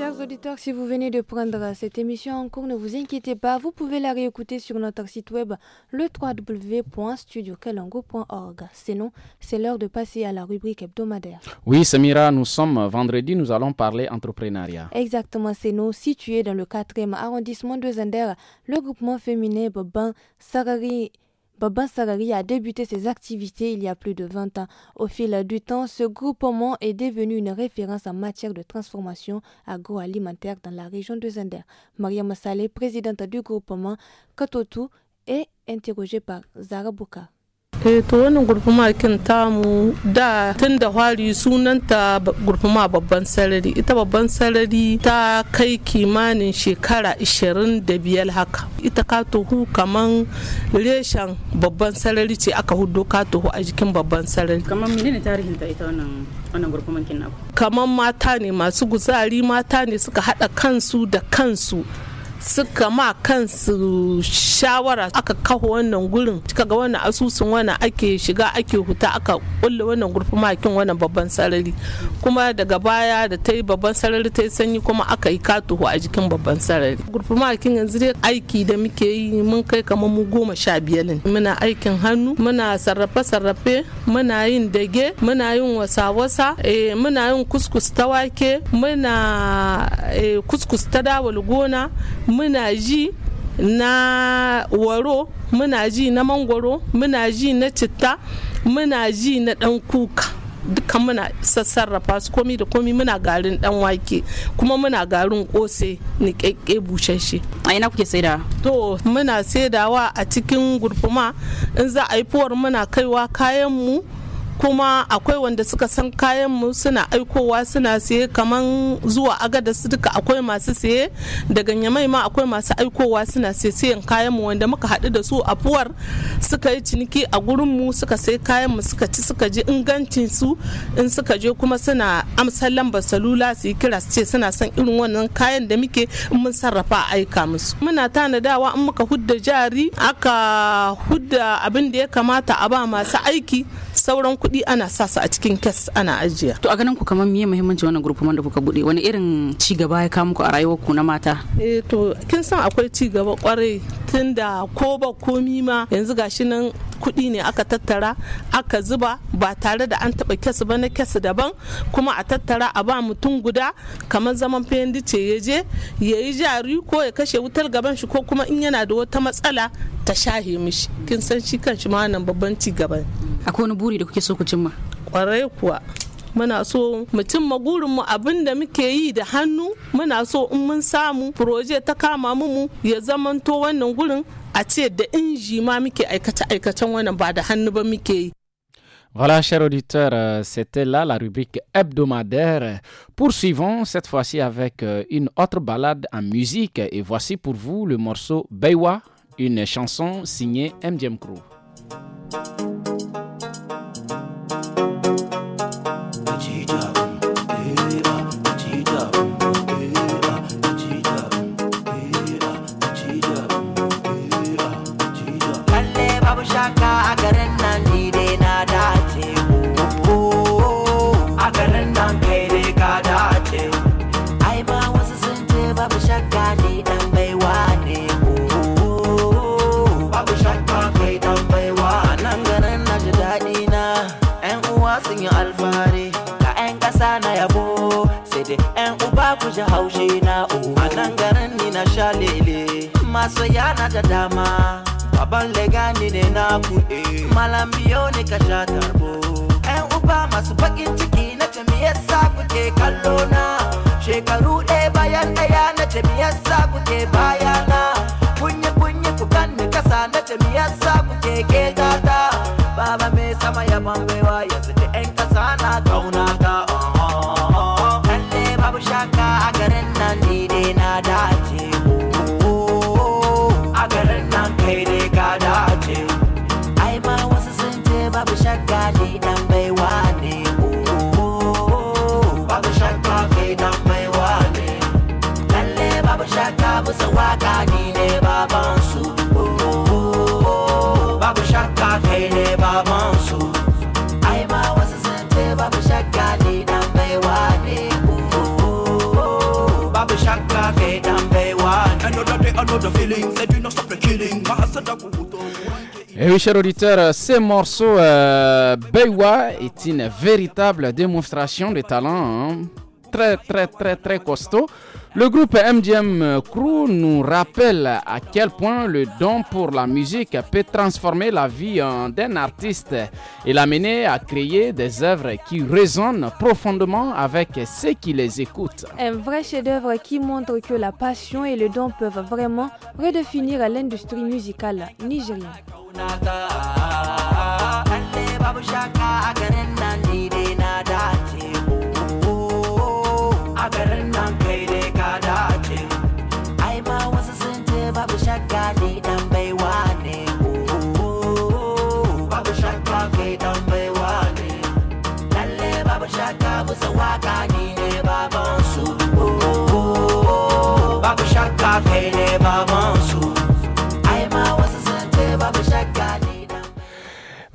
Chers auditeurs, si vous venez de prendre cette émission en cours, ne vous inquiétez pas, vous pouvez la réécouter sur notre site web le www.studiocalango.org. Sinon, c'est l'heure de passer à la rubrique hebdomadaire. Oui, Samira, nous sommes vendredi, nous allons parler entrepreneuriat. Exactement, c'est nous, situé dans le 4e arrondissement de Zender, le groupement féminin Boban Sarari Baba Sarari a débuté ses activités il y a plus de 20 ans. Au fil du temps, ce groupement est devenu une référence en matière de transformation agroalimentaire dans la région de Zender. Maria Massale, présidente du groupement Katotu, est interrogée par Zara Bouka. eh to wannan gurfuma kin tamu da tun da fari sunanta gurfuma babban sarari ita babban sarari ta kai kimanin shekara 25 haka ita tuhu kaman reshen babban sarari ce aka ka tuhu a jikin babban sarari kaman menene tarihin ta ita wannan wannan gurfuman kin kamar mata ne masu guzari mata ne suka hada kansu da kansu suka ma kansu shawara aka kawo wannan gurin cika ga wannan asusun wannan ake shiga ake huta aka kulle wannan gurfi makin wannan babban sarari kuma daga baya da ta yi babban sarari ta yi sanyi kuma aka yi katuhu a jikin babban sarari gurfi makin yanzu dai aiki da muke yi mun kai kamar mu goma sha biyar ne muna aikin hannu muna sarrafe sarrafe muna yin dage muna yin wasa wasa eh, muna yin kuskus ta wake muna eh, kuskus ta dawal gona muna ji na waro muna ji na mangwaro muna ji na citta muna ji na dan kuka duka muna sassarrafa su komi da komi muna garin dan wake kuma muna garin kose niƙaƙƙe bushashe a ina kuke saida. to muna saidawa a cikin gurfuma in za a yi muna kaiwa kayan mu kuma akwai wanda suka san kayan mu suna aikowa suna siye kaman zuwa agada su duka akwai masu siye daga nyamai ma akwai masu aikowa suna siye siyan kayan mu wanda muka haɗu da su a buwar suka yi ciniki a gurin mu suka sai kayan mu suka ci suka ji ingancin su in suka je kuma suna amsar lambar salula su yi kira su ce suna son irin wannan kayan da muke in mun sarrafa a aika musu muna tanadawa in muka hudda jari aka hudda abin da ya kamata a ba masu aiki sauran kuɗi kuɗi ana sa su a cikin kes ana ajiya to a ganin ku kamar miye muhimmanci wannan gurfuman da kuka buɗe wani irin ci gaba ya kawo muku a rayuwar ku na mata eh to kin san akwai ci gaba kwarai da ko ba komi ma yanzu gashi nan kuɗi ne aka tattara aka zuba ba tare da an taɓa kes ba na kes daban kuma a tattara a ba mutum guda kamar zaman fendi ce ya je ya yi jari ko ya kashe wutar gaban shi ko kuma in yana da wata matsala ta shahe mishi kin san shi kan shi ma wannan babban ci gaba a wani buri da kuke so ku cimma kwarai kuwa muna so mu cimma gurinmu abin da muke yi da hannu muna so in mun samu proje ta kama mu ya zamanto wannan gurin a ce da inji ma muke aikata aikatan wannan ba da hannu ba muke yi Voilà, chers auditeurs, c'était là la rubrique hebdomadaire. Poursuivons cette fois-ci avec euh, une autre balade en musique et voici pour vous le morceau Beywa, une chanson signée MGM Crew. sayana dama baban legani ne naku eh. malam biyo ne ka sha tarbo yan eh, uba masu bakin ciki na ce me yasa kuke kallo na shekaru ɗaya bayan ɗaya eh, na ce me yasa kuke bayana kunye kunye ku kan ni kasa na ce me yasa kuke ke gata baba mai sama ya bambewa yanzu Mes oui, chers auditeurs, ce morceau euh, est une véritable démonstration de talent. Hein très très très très costaud. Le groupe MGM Crew nous rappelle à quel point le don pour la musique peut transformer la vie d'un artiste et l'amener à créer des œuvres qui résonnent profondément avec ceux qui les écoutent. Un vrai chef-d'œuvre qui montre que la passion et le don peuvent vraiment redéfinir l'industrie musicale nigérienne.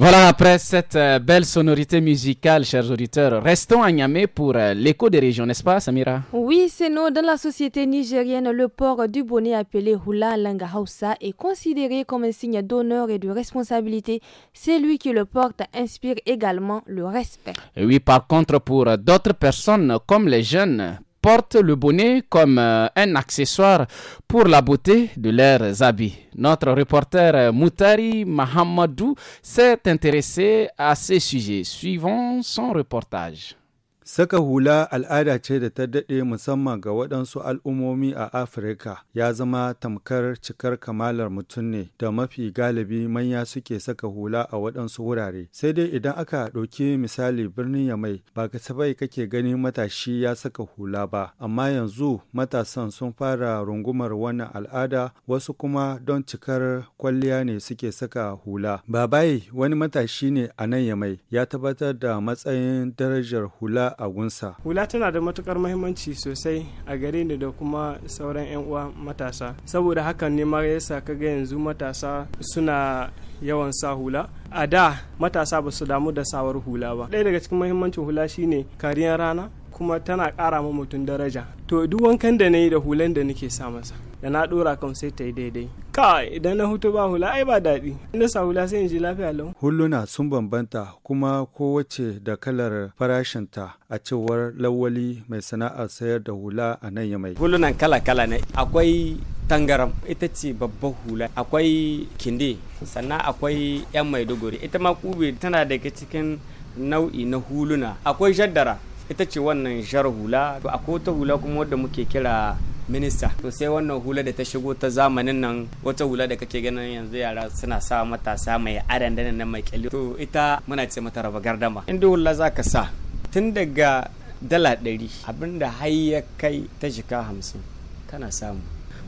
Voilà, après cette euh, belle sonorité musicale, chers auditeurs, restons à Niamey pour euh, l'écho des régions, n'est-ce pas, Samira Oui, c'est nous. Dans la société nigérienne, le port du bonnet appelé Hula Langa Hausa est considéré comme un signe d'honneur et de responsabilité. Celui qui le porte inspire également le respect. oui, par contre, pour euh, d'autres personnes, comme les jeunes, porte le bonnet comme euh, un accessoire pour la beauté de leurs habits. Notre reporter euh, Moutari Mahamadou s'est intéressé à ce sujet. Suivons son reportage. Saka hula al'ada ce da ta daɗe musamman ga waɗansu al'ummomi a Afirka ya zama tamkar cikar kamalar mutum ne da mafi galibi manya suke saka hula a waɗansu wurare. Sai dai idan aka ɗauki misali birnin Yamai ba sabai kake gani matashi ya saka hula ba, amma yanzu matasan sun fara rungumar wannan al'ada wasu kuma don cikar kwalliya ne suke saka hula. Babai wani matashi ne a nan Yamai ya tabbatar da matsayin darajar hula a gunsa Hula tana da matukar mahimmanci sosai a gare ni da kuma sauran 'yan uwa matasa. Saboda hakan ne ma yasa kaga yanzu matasa suna yawan sa hula. A da matasa ba su damu da sawar hula ba. Ɗaya daga cikin mahimmancin hula shine kariyar rana kuma tana kara ma mutum daraja. To duk wankan da na yi da hulan da nake sa masa. da na dora kan sai ta yi daidai kai idan na hutu ba hula ai ba daɗi na sa hula sai in ji lafiya lau huluna sun bambanta kuma kowace da kalar farashinta a cewar lawali mai sana'ar sayar da hula a nan ya yamai hulunan kala kala ne akwai tangaram ita ce babban hula akwai kinde sannan akwai yan maiduguri ita ma kube tana daga cikin nau'i na huluna akwai jaddara ita ce wannan jar hula akwai wata hula kuma wadda muke kira minista to sai wannan hula da ta shigo ta zamanin nan wata hula da kake ganin yanzu yara suna sa matasa mai adandana na mai kyalli to ita muna ce mata raba gardama inda hula za ka sa tun daga dala ɗari abinda har ya kai ta shiga hamsin kana samu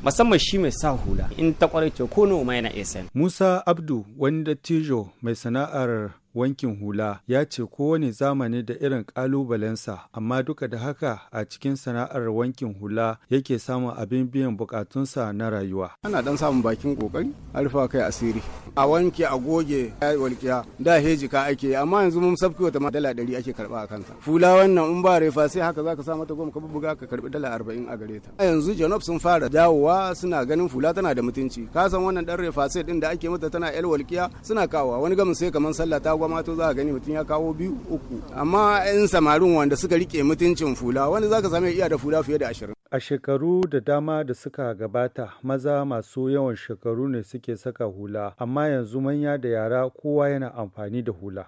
musamman shi mai sa hula in ta kwarai ko noma yana iya Musa Abdu wanda dattijo mai sana'ar wankin hula ya ce kowane zamani da irin ƙalubalensa amma duka da haka a cikin sana'ar wankin hula yake samun abin biyan bukatunsa na rayuwa. Ana dan samun bakin kokari alfa kai asiri. A wanke a goge ya walƙiya da heji ka ake amma yanzu mun sabki wata ma dala ɗari ake karɓa a kanta. Fula wannan in ba refa sai haka zaka sa mata goma ka buga ka karɓi dala arba'in a gare ta. A yanzu Janob sun fara dawowa suna ganin fula tana da mutunci. Ka san wannan ɗan refa sai ɗin da ake mata tana yar walƙiya suna kawo wani gamin sai kamar sallah ta to za a gani mutum ya kawo biyu uku amma yan samarin wanda suka rike mutuncin fula wanda zaka same iya da fula fiye da ashirin a shekaru da dama da suka gabata maza masu yawan shekaru ne suke saka hula amma yanzu manya da yara kowa yana amfani da hula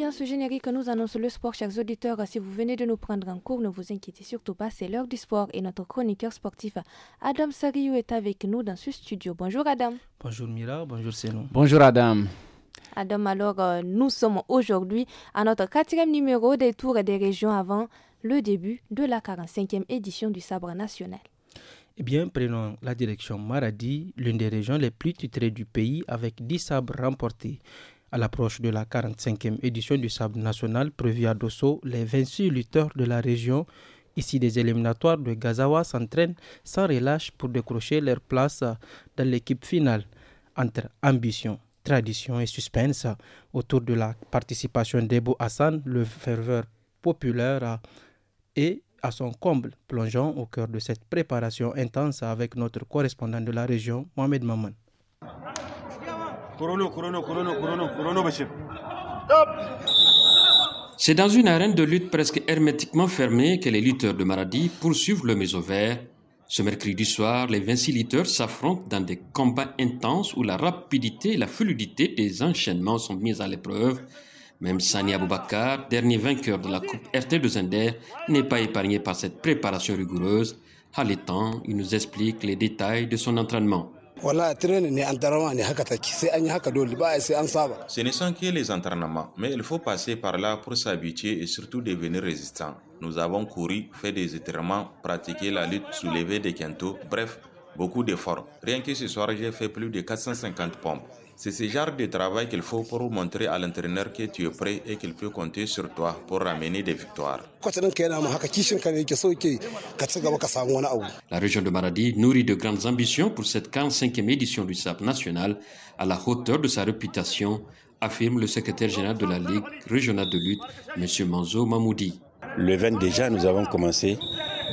bien ce générique nous annonce le sport, chers auditeurs. Si vous venez de nous prendre en cours, ne vous inquiétez surtout pas, c'est l'heure du sport. Et notre chroniqueur sportif, Adam Sariou, est avec nous dans ce studio. Bonjour Adam. Bonjour Mira, bonjour Céline. Bonjour Adam. Adam, alors euh, nous sommes aujourd'hui à notre quatrième numéro des tours des régions avant le début de la 45e édition du Sabre national. Eh bien, prenons la direction Maradi, l'une des régions les plus titrées du pays avec 10 sabres remportés. À l'approche de la 45e édition du Sable national prévue à Dosso, les 26 lutteurs de la région, ici des éliminatoires de Gazawa, s'entraînent sans relâche pour décrocher leur place dans l'équipe finale. Entre ambition, tradition et suspense, autour de la participation d'Ebo Hassan, le ferveur populaire est à son comble, plongeant au cœur de cette préparation intense avec notre correspondant de la région, Mohamed Maman c'est dans une arène de lutte presque hermétiquement fermée que les lutteurs de Maradi poursuivent le Maison Vert. Ce mercredi soir, les 26 lutteurs s'affrontent dans des combats intenses où la rapidité et la fluidité des enchaînements sont mises à l'épreuve. Même Sani Aboubakar, dernier vainqueur de la Coupe RT de Zender, n'est pas épargné par cette préparation rigoureuse. À l'étang, il nous explique les détails de son entraînement. Voilà, Ce ne sont que les entraînements, mais il faut passer par là pour s'habituer et surtout devenir résistant. Nous avons couru, fait des étirements, pratiqué la lutte, soulevé des quintaux, bref, beaucoup d'efforts. Rien que ce soir, j'ai fait plus de 450 pompes. C'est ce genre de travail qu'il faut pour montrer à l'entraîneur que tu es prêt et qu'il peut compter sur toi pour ramener des victoires. La région de Maradi nourrit de grandes ambitions pour cette 45e édition du SAP national à la hauteur de sa réputation, affirme le secrétaire général de la Ligue régionale de lutte, M. Manzo Mamoudi. Le 20 déjà, nous avons commencé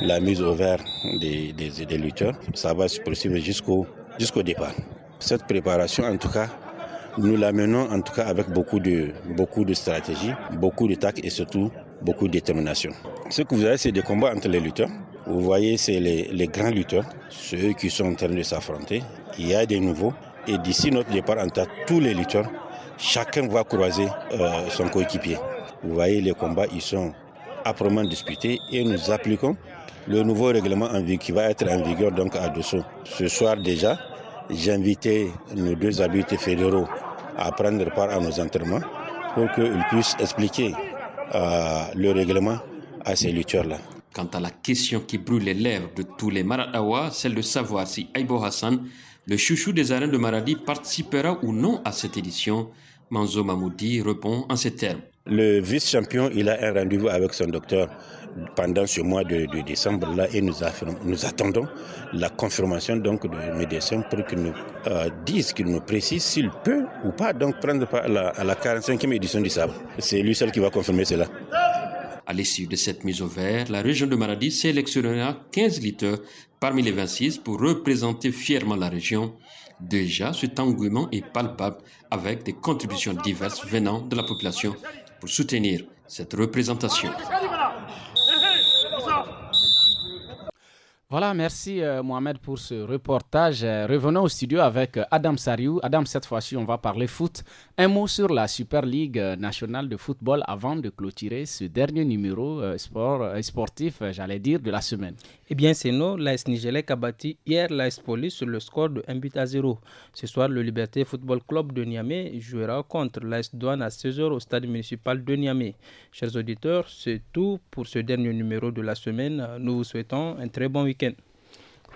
la mise au vert des, lutteurs. Ça va se poursuivre jusqu'au départ. Cette préparation, en tout cas, nous l'amenons en tout cas avec beaucoup de, beaucoup de stratégie, beaucoup de tact et surtout beaucoup de détermination. Ce que vous avez, c'est des combats entre les lutteurs. Vous voyez, c'est les, les, grands lutteurs, ceux qui sont en train de s'affronter. Il y a des nouveaux. Et d'ici notre départ en cas, tous les lutteurs, chacun va croiser euh, son coéquipier. Vous voyez, les combats, ils sont âprement disputés et nous appliquons le nouveau règlement en vigueur qui va être en vigueur donc à Dosso. Ce soir déjà, j'ai invité nos deux habités fédéraux à prendre part à nos entraînements pour qu'ils puissent expliquer euh, le règlement à ces lutteurs-là. Quant à la question qui brûle les lèvres de tous les Maradawa, celle de savoir si Aibo Hassan, le chouchou des arènes de Maradi, participera ou non à cette édition, Manzo Mamoudi répond en ces termes. Le vice-champion, il a un rendez-vous avec son docteur pendant ce mois de, décembre-là et nous, nous attendons la confirmation donc de médecin pour qu'il nous euh, dise, qu'il nous précise s'il peut ou pas donc prendre part à la, la 45e édition du sable. C'est lui seul qui va confirmer cela. À l'issue de cette mise au vert, la région de Maradi sélectionnera 15 litres parmi les 26 pour représenter fièrement la région. Déjà, cet engouement est palpable avec des contributions diverses venant de la population pour soutenir cette représentation. Voilà, merci euh, Mohamed pour ce reportage. Euh, revenons au studio avec euh, Adam Sariou. Adam, cette fois-ci, on va parler foot. Un mot sur la Super Ligue nationale de football avant de clôturer ce dernier numéro sport, sportif, j'allais dire, de la semaine. Eh bien, c'est nous, l'AS Nigelec a bâti hier l'AS Police sur le score de 1 but à 0. Ce soir, le Liberté Football Club de Niamey jouera contre l'AS Douane à 16h au stade municipal de Niamey. Chers auditeurs, c'est tout pour ce dernier numéro de la semaine. Nous vous souhaitons un très bon week-end.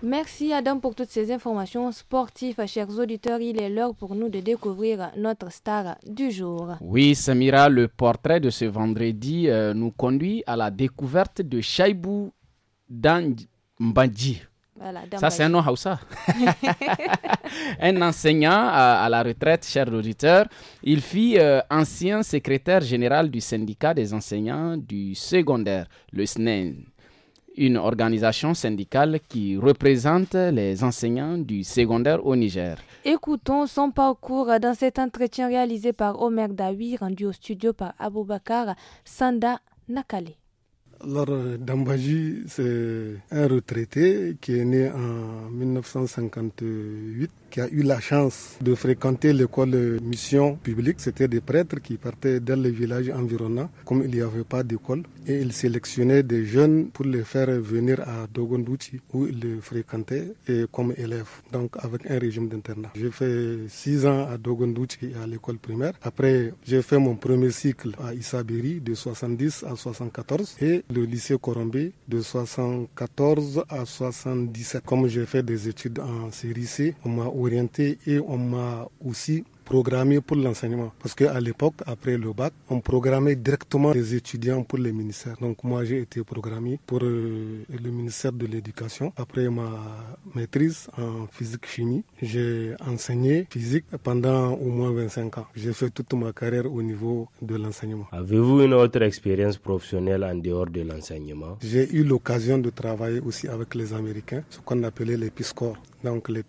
Merci Adam pour toutes ces informations sportives. Chers auditeurs, il est l'heure pour nous de découvrir notre star du jour. Oui, Samira, le portrait de ce vendredi euh, nous conduit à la découverte de Shaibou Mbadji. Voilà, ça, c'est un nom Hausa. un enseignant à, la retraite, chers auditeurs. Il fit euh, ancien secrétaire général du syndicat des enseignants du secondaire, le SNEN. E une organisation syndicale qui représente les enseignants du secondaire au Niger. Écoutons son parcours dans cet entretien réalisé par Omer Dawi, rendu au studio par Aboubakar Sanda Nakale. Alors, euh, Dambaji, c'est un retraité qui est né en 1958 qui a eu la chance de fréquenter l'école mission publique, c'était des prêtres qui partaient dans les villages environnants, comme il n'y avait pas d'école, et ils sélectionnaient des jeunes pour les faire venir à Dogondouti où ils les fréquentaient et comme élèves, donc avec un régime d'internat. J'ai fait six ans à Dogondouti à l'école primaire. Après, j'ai fait mon premier cycle à Isabiri de 70 à 74 et le lycée Corombe de 74 à 77. Comme j'ai fait des études en série C, au m'a orienté et on m'a aussi programmé pour l'enseignement. Parce qu'à l'époque, après le bac, on programmait directement les étudiants pour les ministères. Donc moi, j'ai été programmé pour euh, le ministère de l'Éducation. Après ma maîtrise en physique-chimie, j'ai enseigné physique pendant au moins 25 ans. J'ai fait toute ma carrière au niveau de l'enseignement. Avez-vous une autre expérience professionnelle en dehors de l'enseignement J'ai eu l'occasion de travailler aussi avec les Américains, ce qu'on appelait les Piscor. Donc les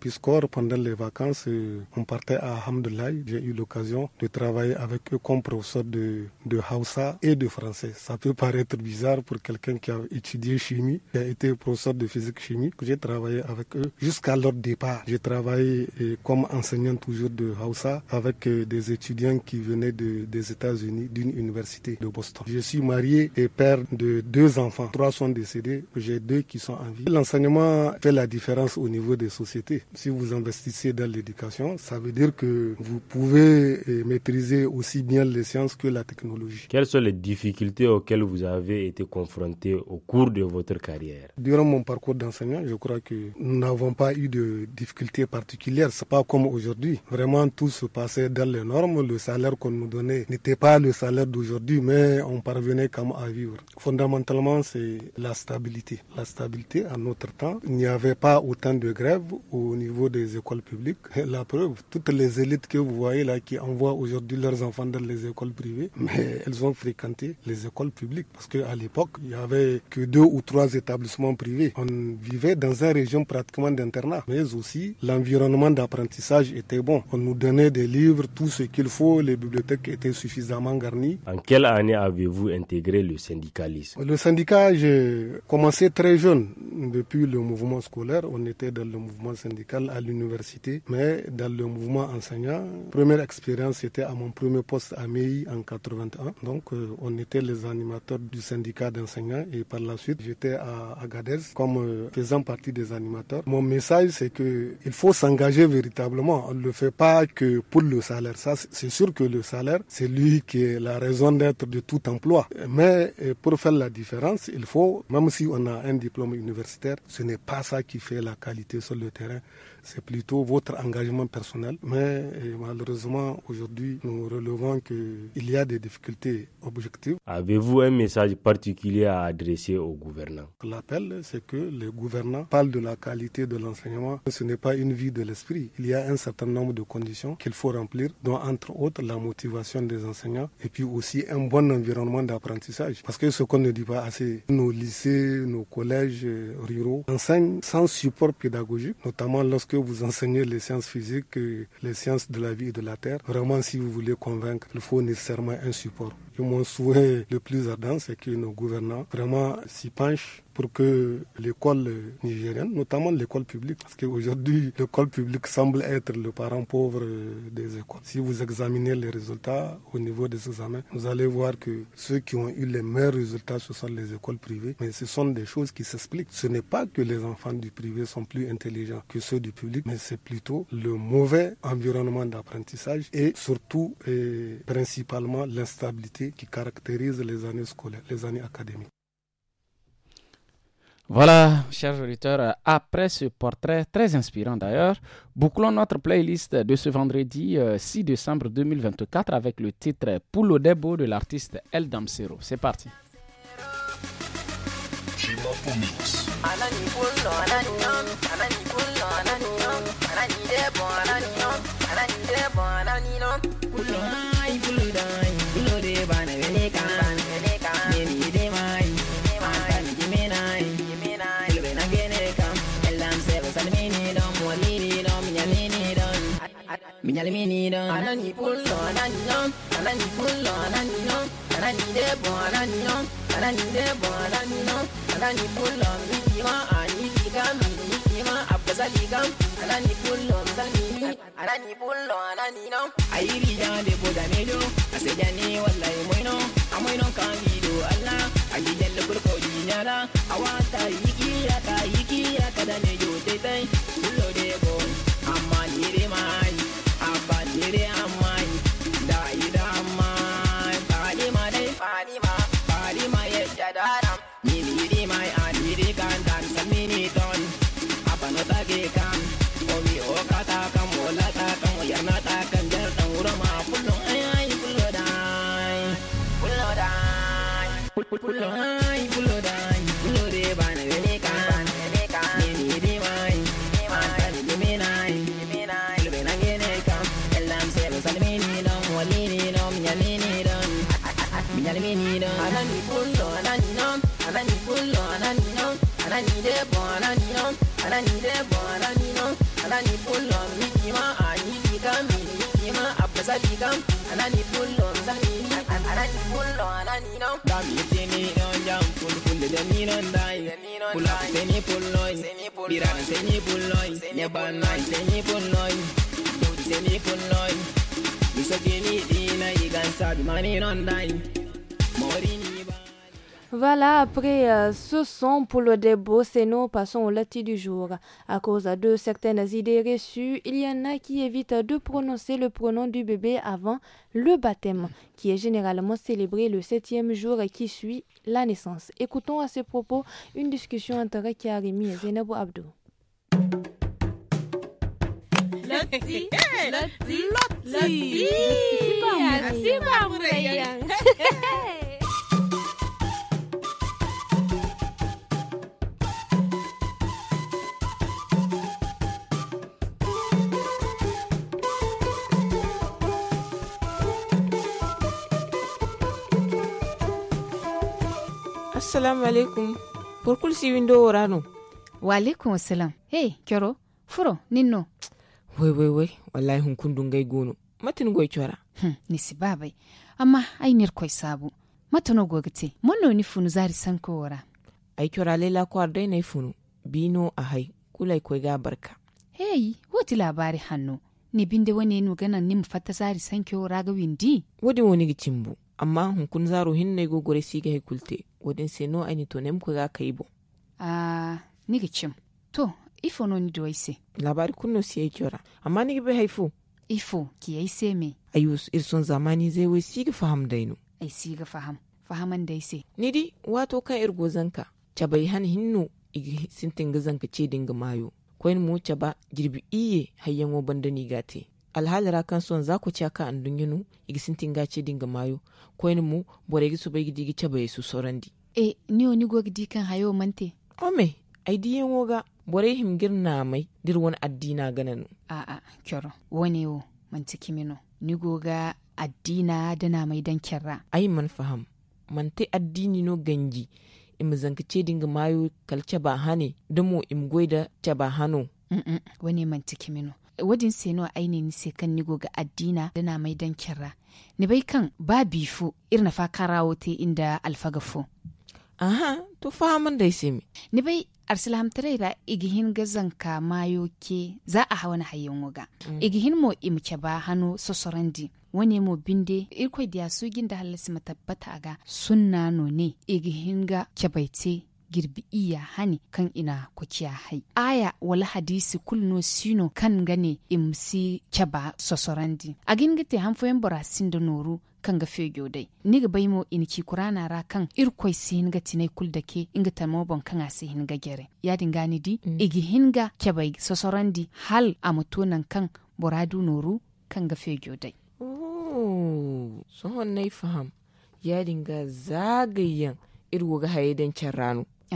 pendant les vacances, euh, on partait à Hamdullah j'ai eu l'occasion de travailler avec eux comme professeur de, de Hausa et de français. Ça peut paraître bizarre pour quelqu'un qui a étudié chimie, qui a été professeur de physique chimie. J'ai travaillé avec eux jusqu'à leur départ. J'ai travaillé euh, comme enseignant toujours de Hausa avec euh, des étudiants qui venaient des États-Unis, d'une université de Boston. Je suis marié et père de deux enfants. Trois sont décédés, j'ai deux qui sont en vie. L'enseignement fait la différence au niveau des sociétés. Si vous investissez dans l'éducation, ça veut dire que vous vous pouvez euh, maîtriser aussi bien les sciences que la technologie. Quelles sont les difficultés auxquelles vous avez été confronté au cours de votre carrière Durant mon parcours d'enseignant, je crois que nous n'avons pas eu de difficultés particulières. C'est pas comme aujourd'hui. Vraiment, tout se passait dans les normes. Le salaire qu'on nous donnait n'était pas le salaire d'aujourd'hui, mais on parvenait quand même à vivre. Fondamentalement, c'est la stabilité. La stabilité à notre temps. Il n'y avait pas autant de grèves au niveau des écoles publiques. La preuve, toutes les élites que vous voyez là qui envoient aujourd'hui leurs enfants dans les écoles privées, mais elles ont fréquenté les écoles publiques parce qu'à l'époque, il n'y avait que deux ou trois établissements privés. On vivait dans un région pratiquement d'internat, mais aussi l'environnement d'apprentissage était bon. On nous donnait des livres, tout ce qu'il faut, les bibliothèques étaient suffisamment garnies. En quelle année avez-vous intégré le syndicalisme Le syndicat, j'ai commencé très jeune. Depuis le mouvement scolaire, on était dans le mouvement syndical à l'université, mais dans le mouvement enseignant, première expérience était à mon premier poste à MEI en 1981. Donc, euh, on était les animateurs du syndicat d'enseignants et par la suite, j'étais à Agadez comme euh, faisant partie des animateurs. Mon message, c'est que il faut s'engager véritablement. On ne le fait pas que pour le salaire. Ça, c'est sûr que le salaire, c'est lui qui est la raison d'être de tout emploi. Mais euh, pour faire la différence, il faut, même si on a un diplôme universitaire, ce n'est pas ça qui fait la qualité sur le terrain c'est plutôt votre engagement personnel. Mais euh, malheureusement, aujourd'hui, nous relevons qu'il y a des difficultés objectives. Avez-vous un message particulier à adresser aux gouvernants L'appel, c'est que les gouvernants parlent de la qualité de l'enseignement. Ce n'est pas une vie de l'esprit. Il y a un certain nombre de conditions qu'il faut remplir, dont entre autres la motivation des enseignants et puis aussi un bon environnement d'apprentissage. Parce que ce qu'on ne dit pas assez, nos lycées, nos collèges euh, ruraux enseignent sans support pédagogique, notamment lorsque vous enseignez les sciences physiques, et les sciences de la vie et de la terre. Vraiment, si vous voulez convaincre, il faut nécessairement un support mon souhait le plus ardent, c'est que nos gouvernants vraiment s'y penchent pour que l'école nigérienne, notamment l'école publique, parce qu'aujourd'hui l'école publique semble être le parent pauvre des écoles. Si vous examinez les résultats au niveau des examens, vous allez voir que ceux qui ont eu les meilleurs résultats, ce sont les écoles privées. Mais ce sont des choses qui s'expliquent. Ce n'est pas que les enfants du privé sont plus intelligents que ceux du public, mais c'est plutôt le mauvais environnement d'apprentissage et surtout et principalement l'instabilité qui caractérise les années scolaires, les années académiques. Voilà, chers auditeurs, après ce portrait très inspirant d'ailleurs, bouclons notre playlist de ce vendredi 6 décembre 2024 avec le titre Poulot Debo de l'artiste El Damsero. C'est parti. Me gyal me need on. And I need pull on and yum. And I need pull on and yum. And I need a bone and yum. And I need a bone and yum. And I need pull on with you. I need you come. Zaligam, and I need pull on and I need pull on and you know. I really don't be put a medo. I said, I need what I know. I'm going on Candido, Allah. I did a look for Dinara. I want a yiki, a yiki, a kadane, you take. dai amai da ida amai fadi ma dai fadi ma fadi ma yadda daram ni diri mai adiri kan dan samini don abano tage kan o mi o kata kan o lata kan o yarna ta kan jar dan wuro ma kullum ai ai kullo dai Girl, me need them. And I need pull on, and I ni them. And ni need pull on, and I need ni And I ni them, and I need them. And ni need them, ni I need them. And I need ni on, me ni them. I need them, me need ni After I need them, ni I need pull on, and I need them. And I need pull on, and I need them. Damn, you see me on ni pull, pull, they need on die. Pull up, say me pull on. Birana, say ni pull on. Never night, Voilà, après euh, ce son pour le débo, c'est nous passons au lati du jour. À cause de certaines idées reçues, il y en a qui évitent de prononcer le pronom du bébé avant le baptême, qui est généralement célébré le septième jour qui suit la naissance. Écoutons à ce propos une discussion entre Karimi et Zainabou Abdou. assalamu alaikum burkul si windo worano wa alaikum assalam hey kero furo ninno wai wai wai wallahi hun kundun gai matin goy cora hmm, nisi babai amma ai nir koy sabu matano gogite monno ni funu zari sanko wora ai cora lela ko ardai nay funu bino a hai kulai koy ga barka hey woti labari hanno ni binde wani nu ni fatta zari sanko wora ga windi wodi woni gicimbu amma hunkun zaro hin ne gogore siga ga hekulte wadin se no ani to nem ko ga yi bo a ni gicim to ifo no ni do ise labari kunno si e jora amma ni be haifu ifo ki ai se me ayus irson zamani zai si siga faham daino ai siga faham fahaman dai ise ni di wato kan irgo ta bai han hinno igi sintin ga zanka ce dinga mayo koyin mu caba girbi iye hayyan wo bandani gate alhalira kan son za ku caka an dunyinu sun tinga ce dinga mayo ko mu bore su bai gidi gice bai su di. e ni oni go gidi kan hayo mante o me ai di yin woga bore him girna mai dir wani addina ganan a a kyoro wani wo manti kimino ni goga addina da na mai dan kyarra ai man faham mante addini no ganji im ce dinga mayo kalce ba hane dumo im goida ce ba hano wani manti kimino wadin seno a aine ni kan nigo ga addina da na mai dan kira ni bai kan ba bifu irna fa karawo te inda alfagafo aha to fahamin da ise mi ni bai arsilham tarayra igihin gazan ka mayo ke za a hawa na hayan wuga mm. igihin mo imke ba hannu sosorandi wani mo binde irkoi da su gin da halasi matabbata ga sunna no ne igihin ga kebaite girbi iya hani kan ina kukiya hai aya wala hadisi kulno sino kan gane imsi keba sosorandi agin gite hanfoyen borasin da noru kan ga fegyo dai ni ga baimo in ki kurana ra kan irkoi si hinga tinai kul da ke inga tamo bon kan a si hinga gere ya dingani di mm. igi hinga kebai sosorandi hal a mutunan kan boradu noru kan ga fegyo dai oh so hon faham ya dinga zagayen irwo ga haye don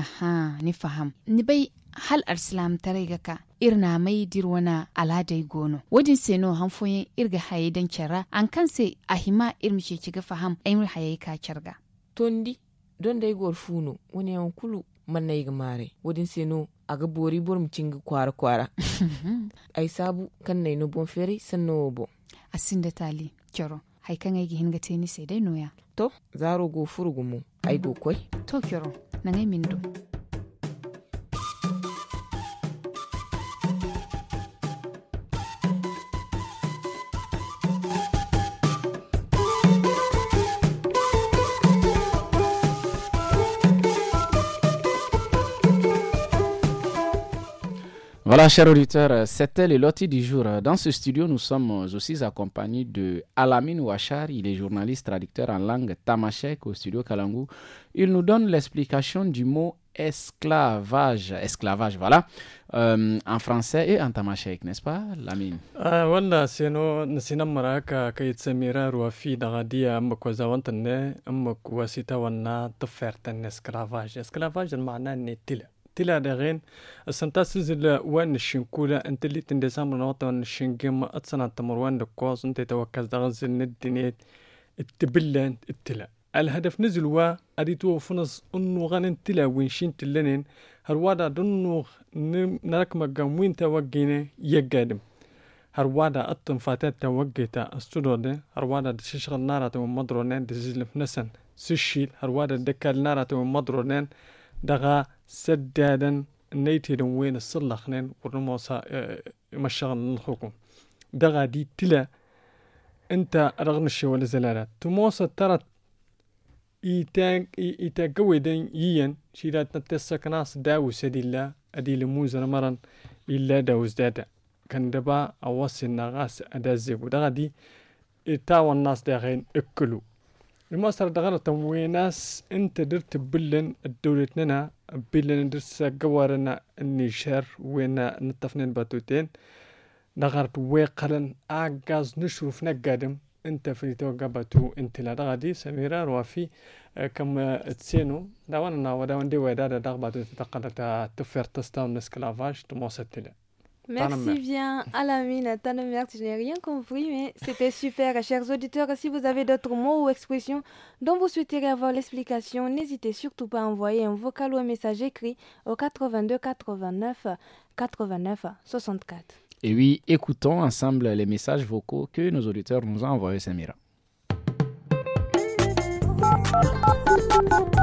aha ni faham ni bai hal arsilam ga ka irna mai dirwana aladai gono wadin seno hanfoyin irga haye dan kyarra an kan sai a kanse ce ki ga faham aimir haye ka kyarga tondi don dai gwar funo wani yawan kulu manna yiga mare wadin seno aga bori bor mcinga kwara kwara ai sabu kan naino nubon fere sanno bo da tali kyaro. haikan ai gihin ga sai dai noya to zaro go furgumu ai go koi to kiro nangai mindo Voilà, chers auditeurs, euh, c'était le loti du jour. Euh, dans ce studio, nous sommes euh, aussi accompagnés de Alamine Ouachar. Il est journaliste traducteur en langue tamashek au studio Kalangu. Il nous donne l'explication du mot esclavage. Esclavage, voilà. en français et en tamashek, n'est-ce pas, Lamine Ah, voilà, c'est nous, c'est nous, Maraka, qui est Samira, Rouafi, Daradia, Mokwazawantané, Mokwazitawan, Tofertan, esclavage. Esclavage, le manan est-il تلا دغين السنتا سلسلة وان الشنكولا انت اللي تندسام نوطة وان الشنجم اتصنع التمر وان دكوز انت توكز دغزل ندنيت التبلان التلا الهدف نزل وا ادي توفنس انو غان انتلا وين شين تلنين هروادا دنو نرك مقام وين توقينا يقادم هروادا اتن فاتات توقيتا استودو استودود هروادا دششغل نارا تو مدرونين دزيزلف نسن سشيل هروادا دكال نارا تو مدرونين دغا سدادا نيتيدن وين الصلخنين ورموسا آه، مشغل الحكم دغا دي تلا انت رغن الشوال زلالات تموسا ترى إيتاك إيتاك قويدن يين شيلات نتسك ناس داوس دي الله أدي لموزر مرن إلا داوس دادا كان دبا أوصي النغاس أدازيب ودغا دي إتاوى الناس داغين اكلو المؤسسة دغنا تمويناس انت درت بلن الدولتنا بلن درس قوارنا النيشر وين نتفنين باتوتين دغرت ويقلن اعجاز نشوف نقادم انت في توقع باتو انت لا دغدي سميرة روافي آه، كم آه، تسينو داوانا وداوان دي ويدا دغباتو تتقلت تفير تستاون نسكلافاش تموسد Merci bien, Alamine, merci. Je n'ai rien compris, mais c'était super. Chers auditeurs, si vous avez d'autres mots ou expressions dont vous souhaiterez avoir l'explication, n'hésitez surtout pas à envoyer un vocal ou un message écrit au 82 89 89 64. Et oui, écoutons ensemble les messages vocaux que nos auditeurs nous ont envoyés, Samira.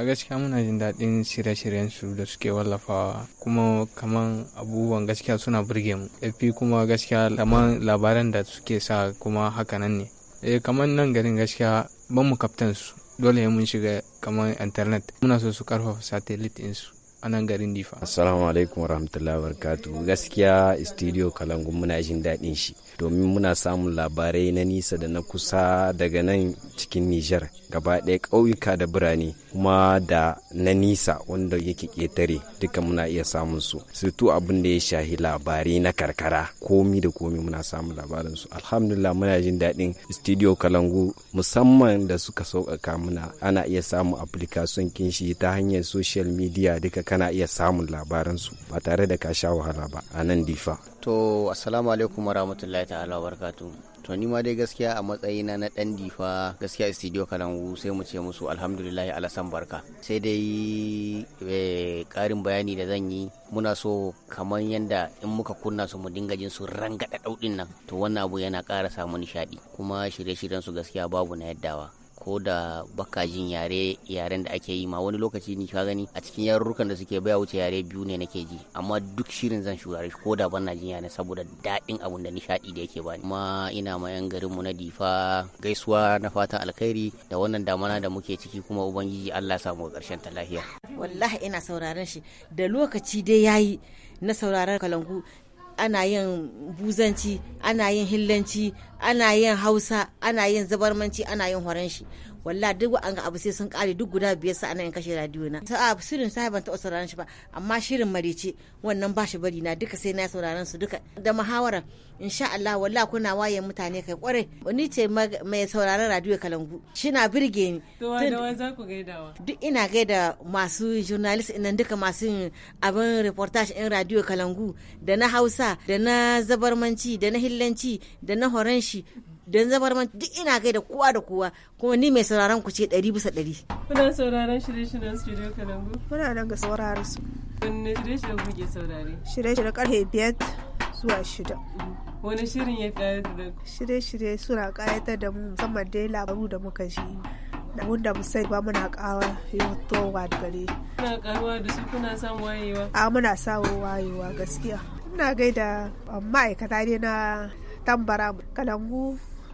a gaskiya muna jin daɗin shirye-shiryen su da suke wallafawa kuma kaman abubuwan gaskiya suna burge mu fi kuma gaskiya kaman labaran da suke sa kuma haka nan ne eh kaman nan garin gaskiya ban mu kaftan su dole mun shiga kaman internet muna so su karfafa satellite su a nan garin difa assalamu alaikum warahmatullahi wabarakatuh gaskiya studio kalangu muna jin daɗin shi domin muna samun labarai na nisa da na kusa daga nan cikin nijar gaba ɗaya ƙauyuka da birane kuma da na nisa wanda yake ƙetare duka muna iya samun su sutu abin da ya shahi labarai na karkara komi da komi muna samun labarin su alhamdulillah muna jin daɗin studio kalangu musamman da suka sauƙaƙa muna ana iya samun application kinshi ta hanyar social media duka kana iya samun labarin su ba tare da ka sha wahala ba a nan difa to assalamu alaikum warahmatullahi ta'ala wa barakatuh to ni ma dai gaskiya a matsayina na dan difa gaskiya studio kalangu sai mu ce musu alhamdulillahi alasan barka sai dai karin eh, bayani da zan yi muna so kamar yadda in muka kunna su mu dinga jin su rangada daudin nan to wannan abu yana ƙara samu nishaɗi kuma shirye-shiryen su gaskiya babu na yaddawa ko da baka jin yare yaren da ake yi ma wani lokaci ni ka gani a cikin yarurrukan da suke baya wuce yare biyu ne nake ji amma duk shirin zan shurare ko da ban na jin yare saboda daɗin abun da nishaɗi da yake bani kuma ina ma yan garin mu na difa gaisuwa na fatan alkhairi da wannan damana da muke ciki kuma ubangiji Allah ya samu ƙarshen ta lafiya wallahi ina sauraron shi da lokaci dai yayi na sauraron kalangu ana yin buzanci ana yin hillanci ana yin hausa ana yin zabarmanci ana yin horanshi walla duk an ga abu sai sun kare duk guda biyar sa anan in kashe radio na sa shirin sai ban taɓa sauraron shi ba amma shirin marice wannan ba bari na duka sai na sauraron su duka da muhawara insha Allah walla kuna waye mutane kai kware ni ce mai sauraron radio kalangu shi na birge ni to wanda za ku gaidawa duk ina gaida masu journalist inan duka masu abin reportage in radio kalangu da na Hausa da na zabarmanci da na hillanci da na horanshi don zamar man duk ina gai da kowa da kowa kuma ni mai sauraron ku ce ɗari bisa ɗari. Kuna sauraron shirye-shiryen studio kanangu? Muna nan ga sauraron su. Wanne shirye-shiryen kuke saurare? Shirye-shiryen karfe biyar zuwa shida. Wani shirin ya ƙayatar da ku? Shirye-shirye suna ƙayatar da mu musamman dai labaru da muka ji. da wanda da musai ba muna towa da gare. Kuna karuwa da su kuna samun wayewa? A muna samun wayewa gaskiya. Ina gaida um, ma'aikata ne na tambara kalangu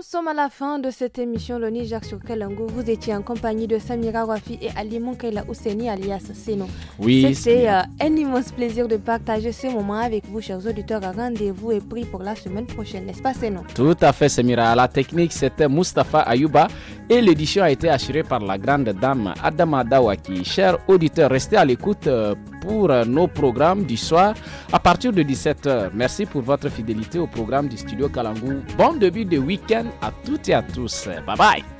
Nous sommes à la fin de cette émission Le Niger sur Vous étiez en compagnie de Samira Wafi et Ali Monkaila Ouseni alias Seno. Oui. C'était euh, un immense plaisir de partager ce moment avec vous, chers auditeurs. Rendez-vous et pris pour la semaine prochaine, n'est-ce pas Seno Tout à fait, Samira. la technique, c'était Mustapha Ayuba et l'édition a été assurée par la grande dame Adama Dawaki. Chers auditeurs, restez à l'écoute euh, pour euh, nos programmes du soir à partir de 17h. Merci pour votre fidélité au programme du studio Kalangou. Bon début de week-end à toutes et à tous. Bye bye.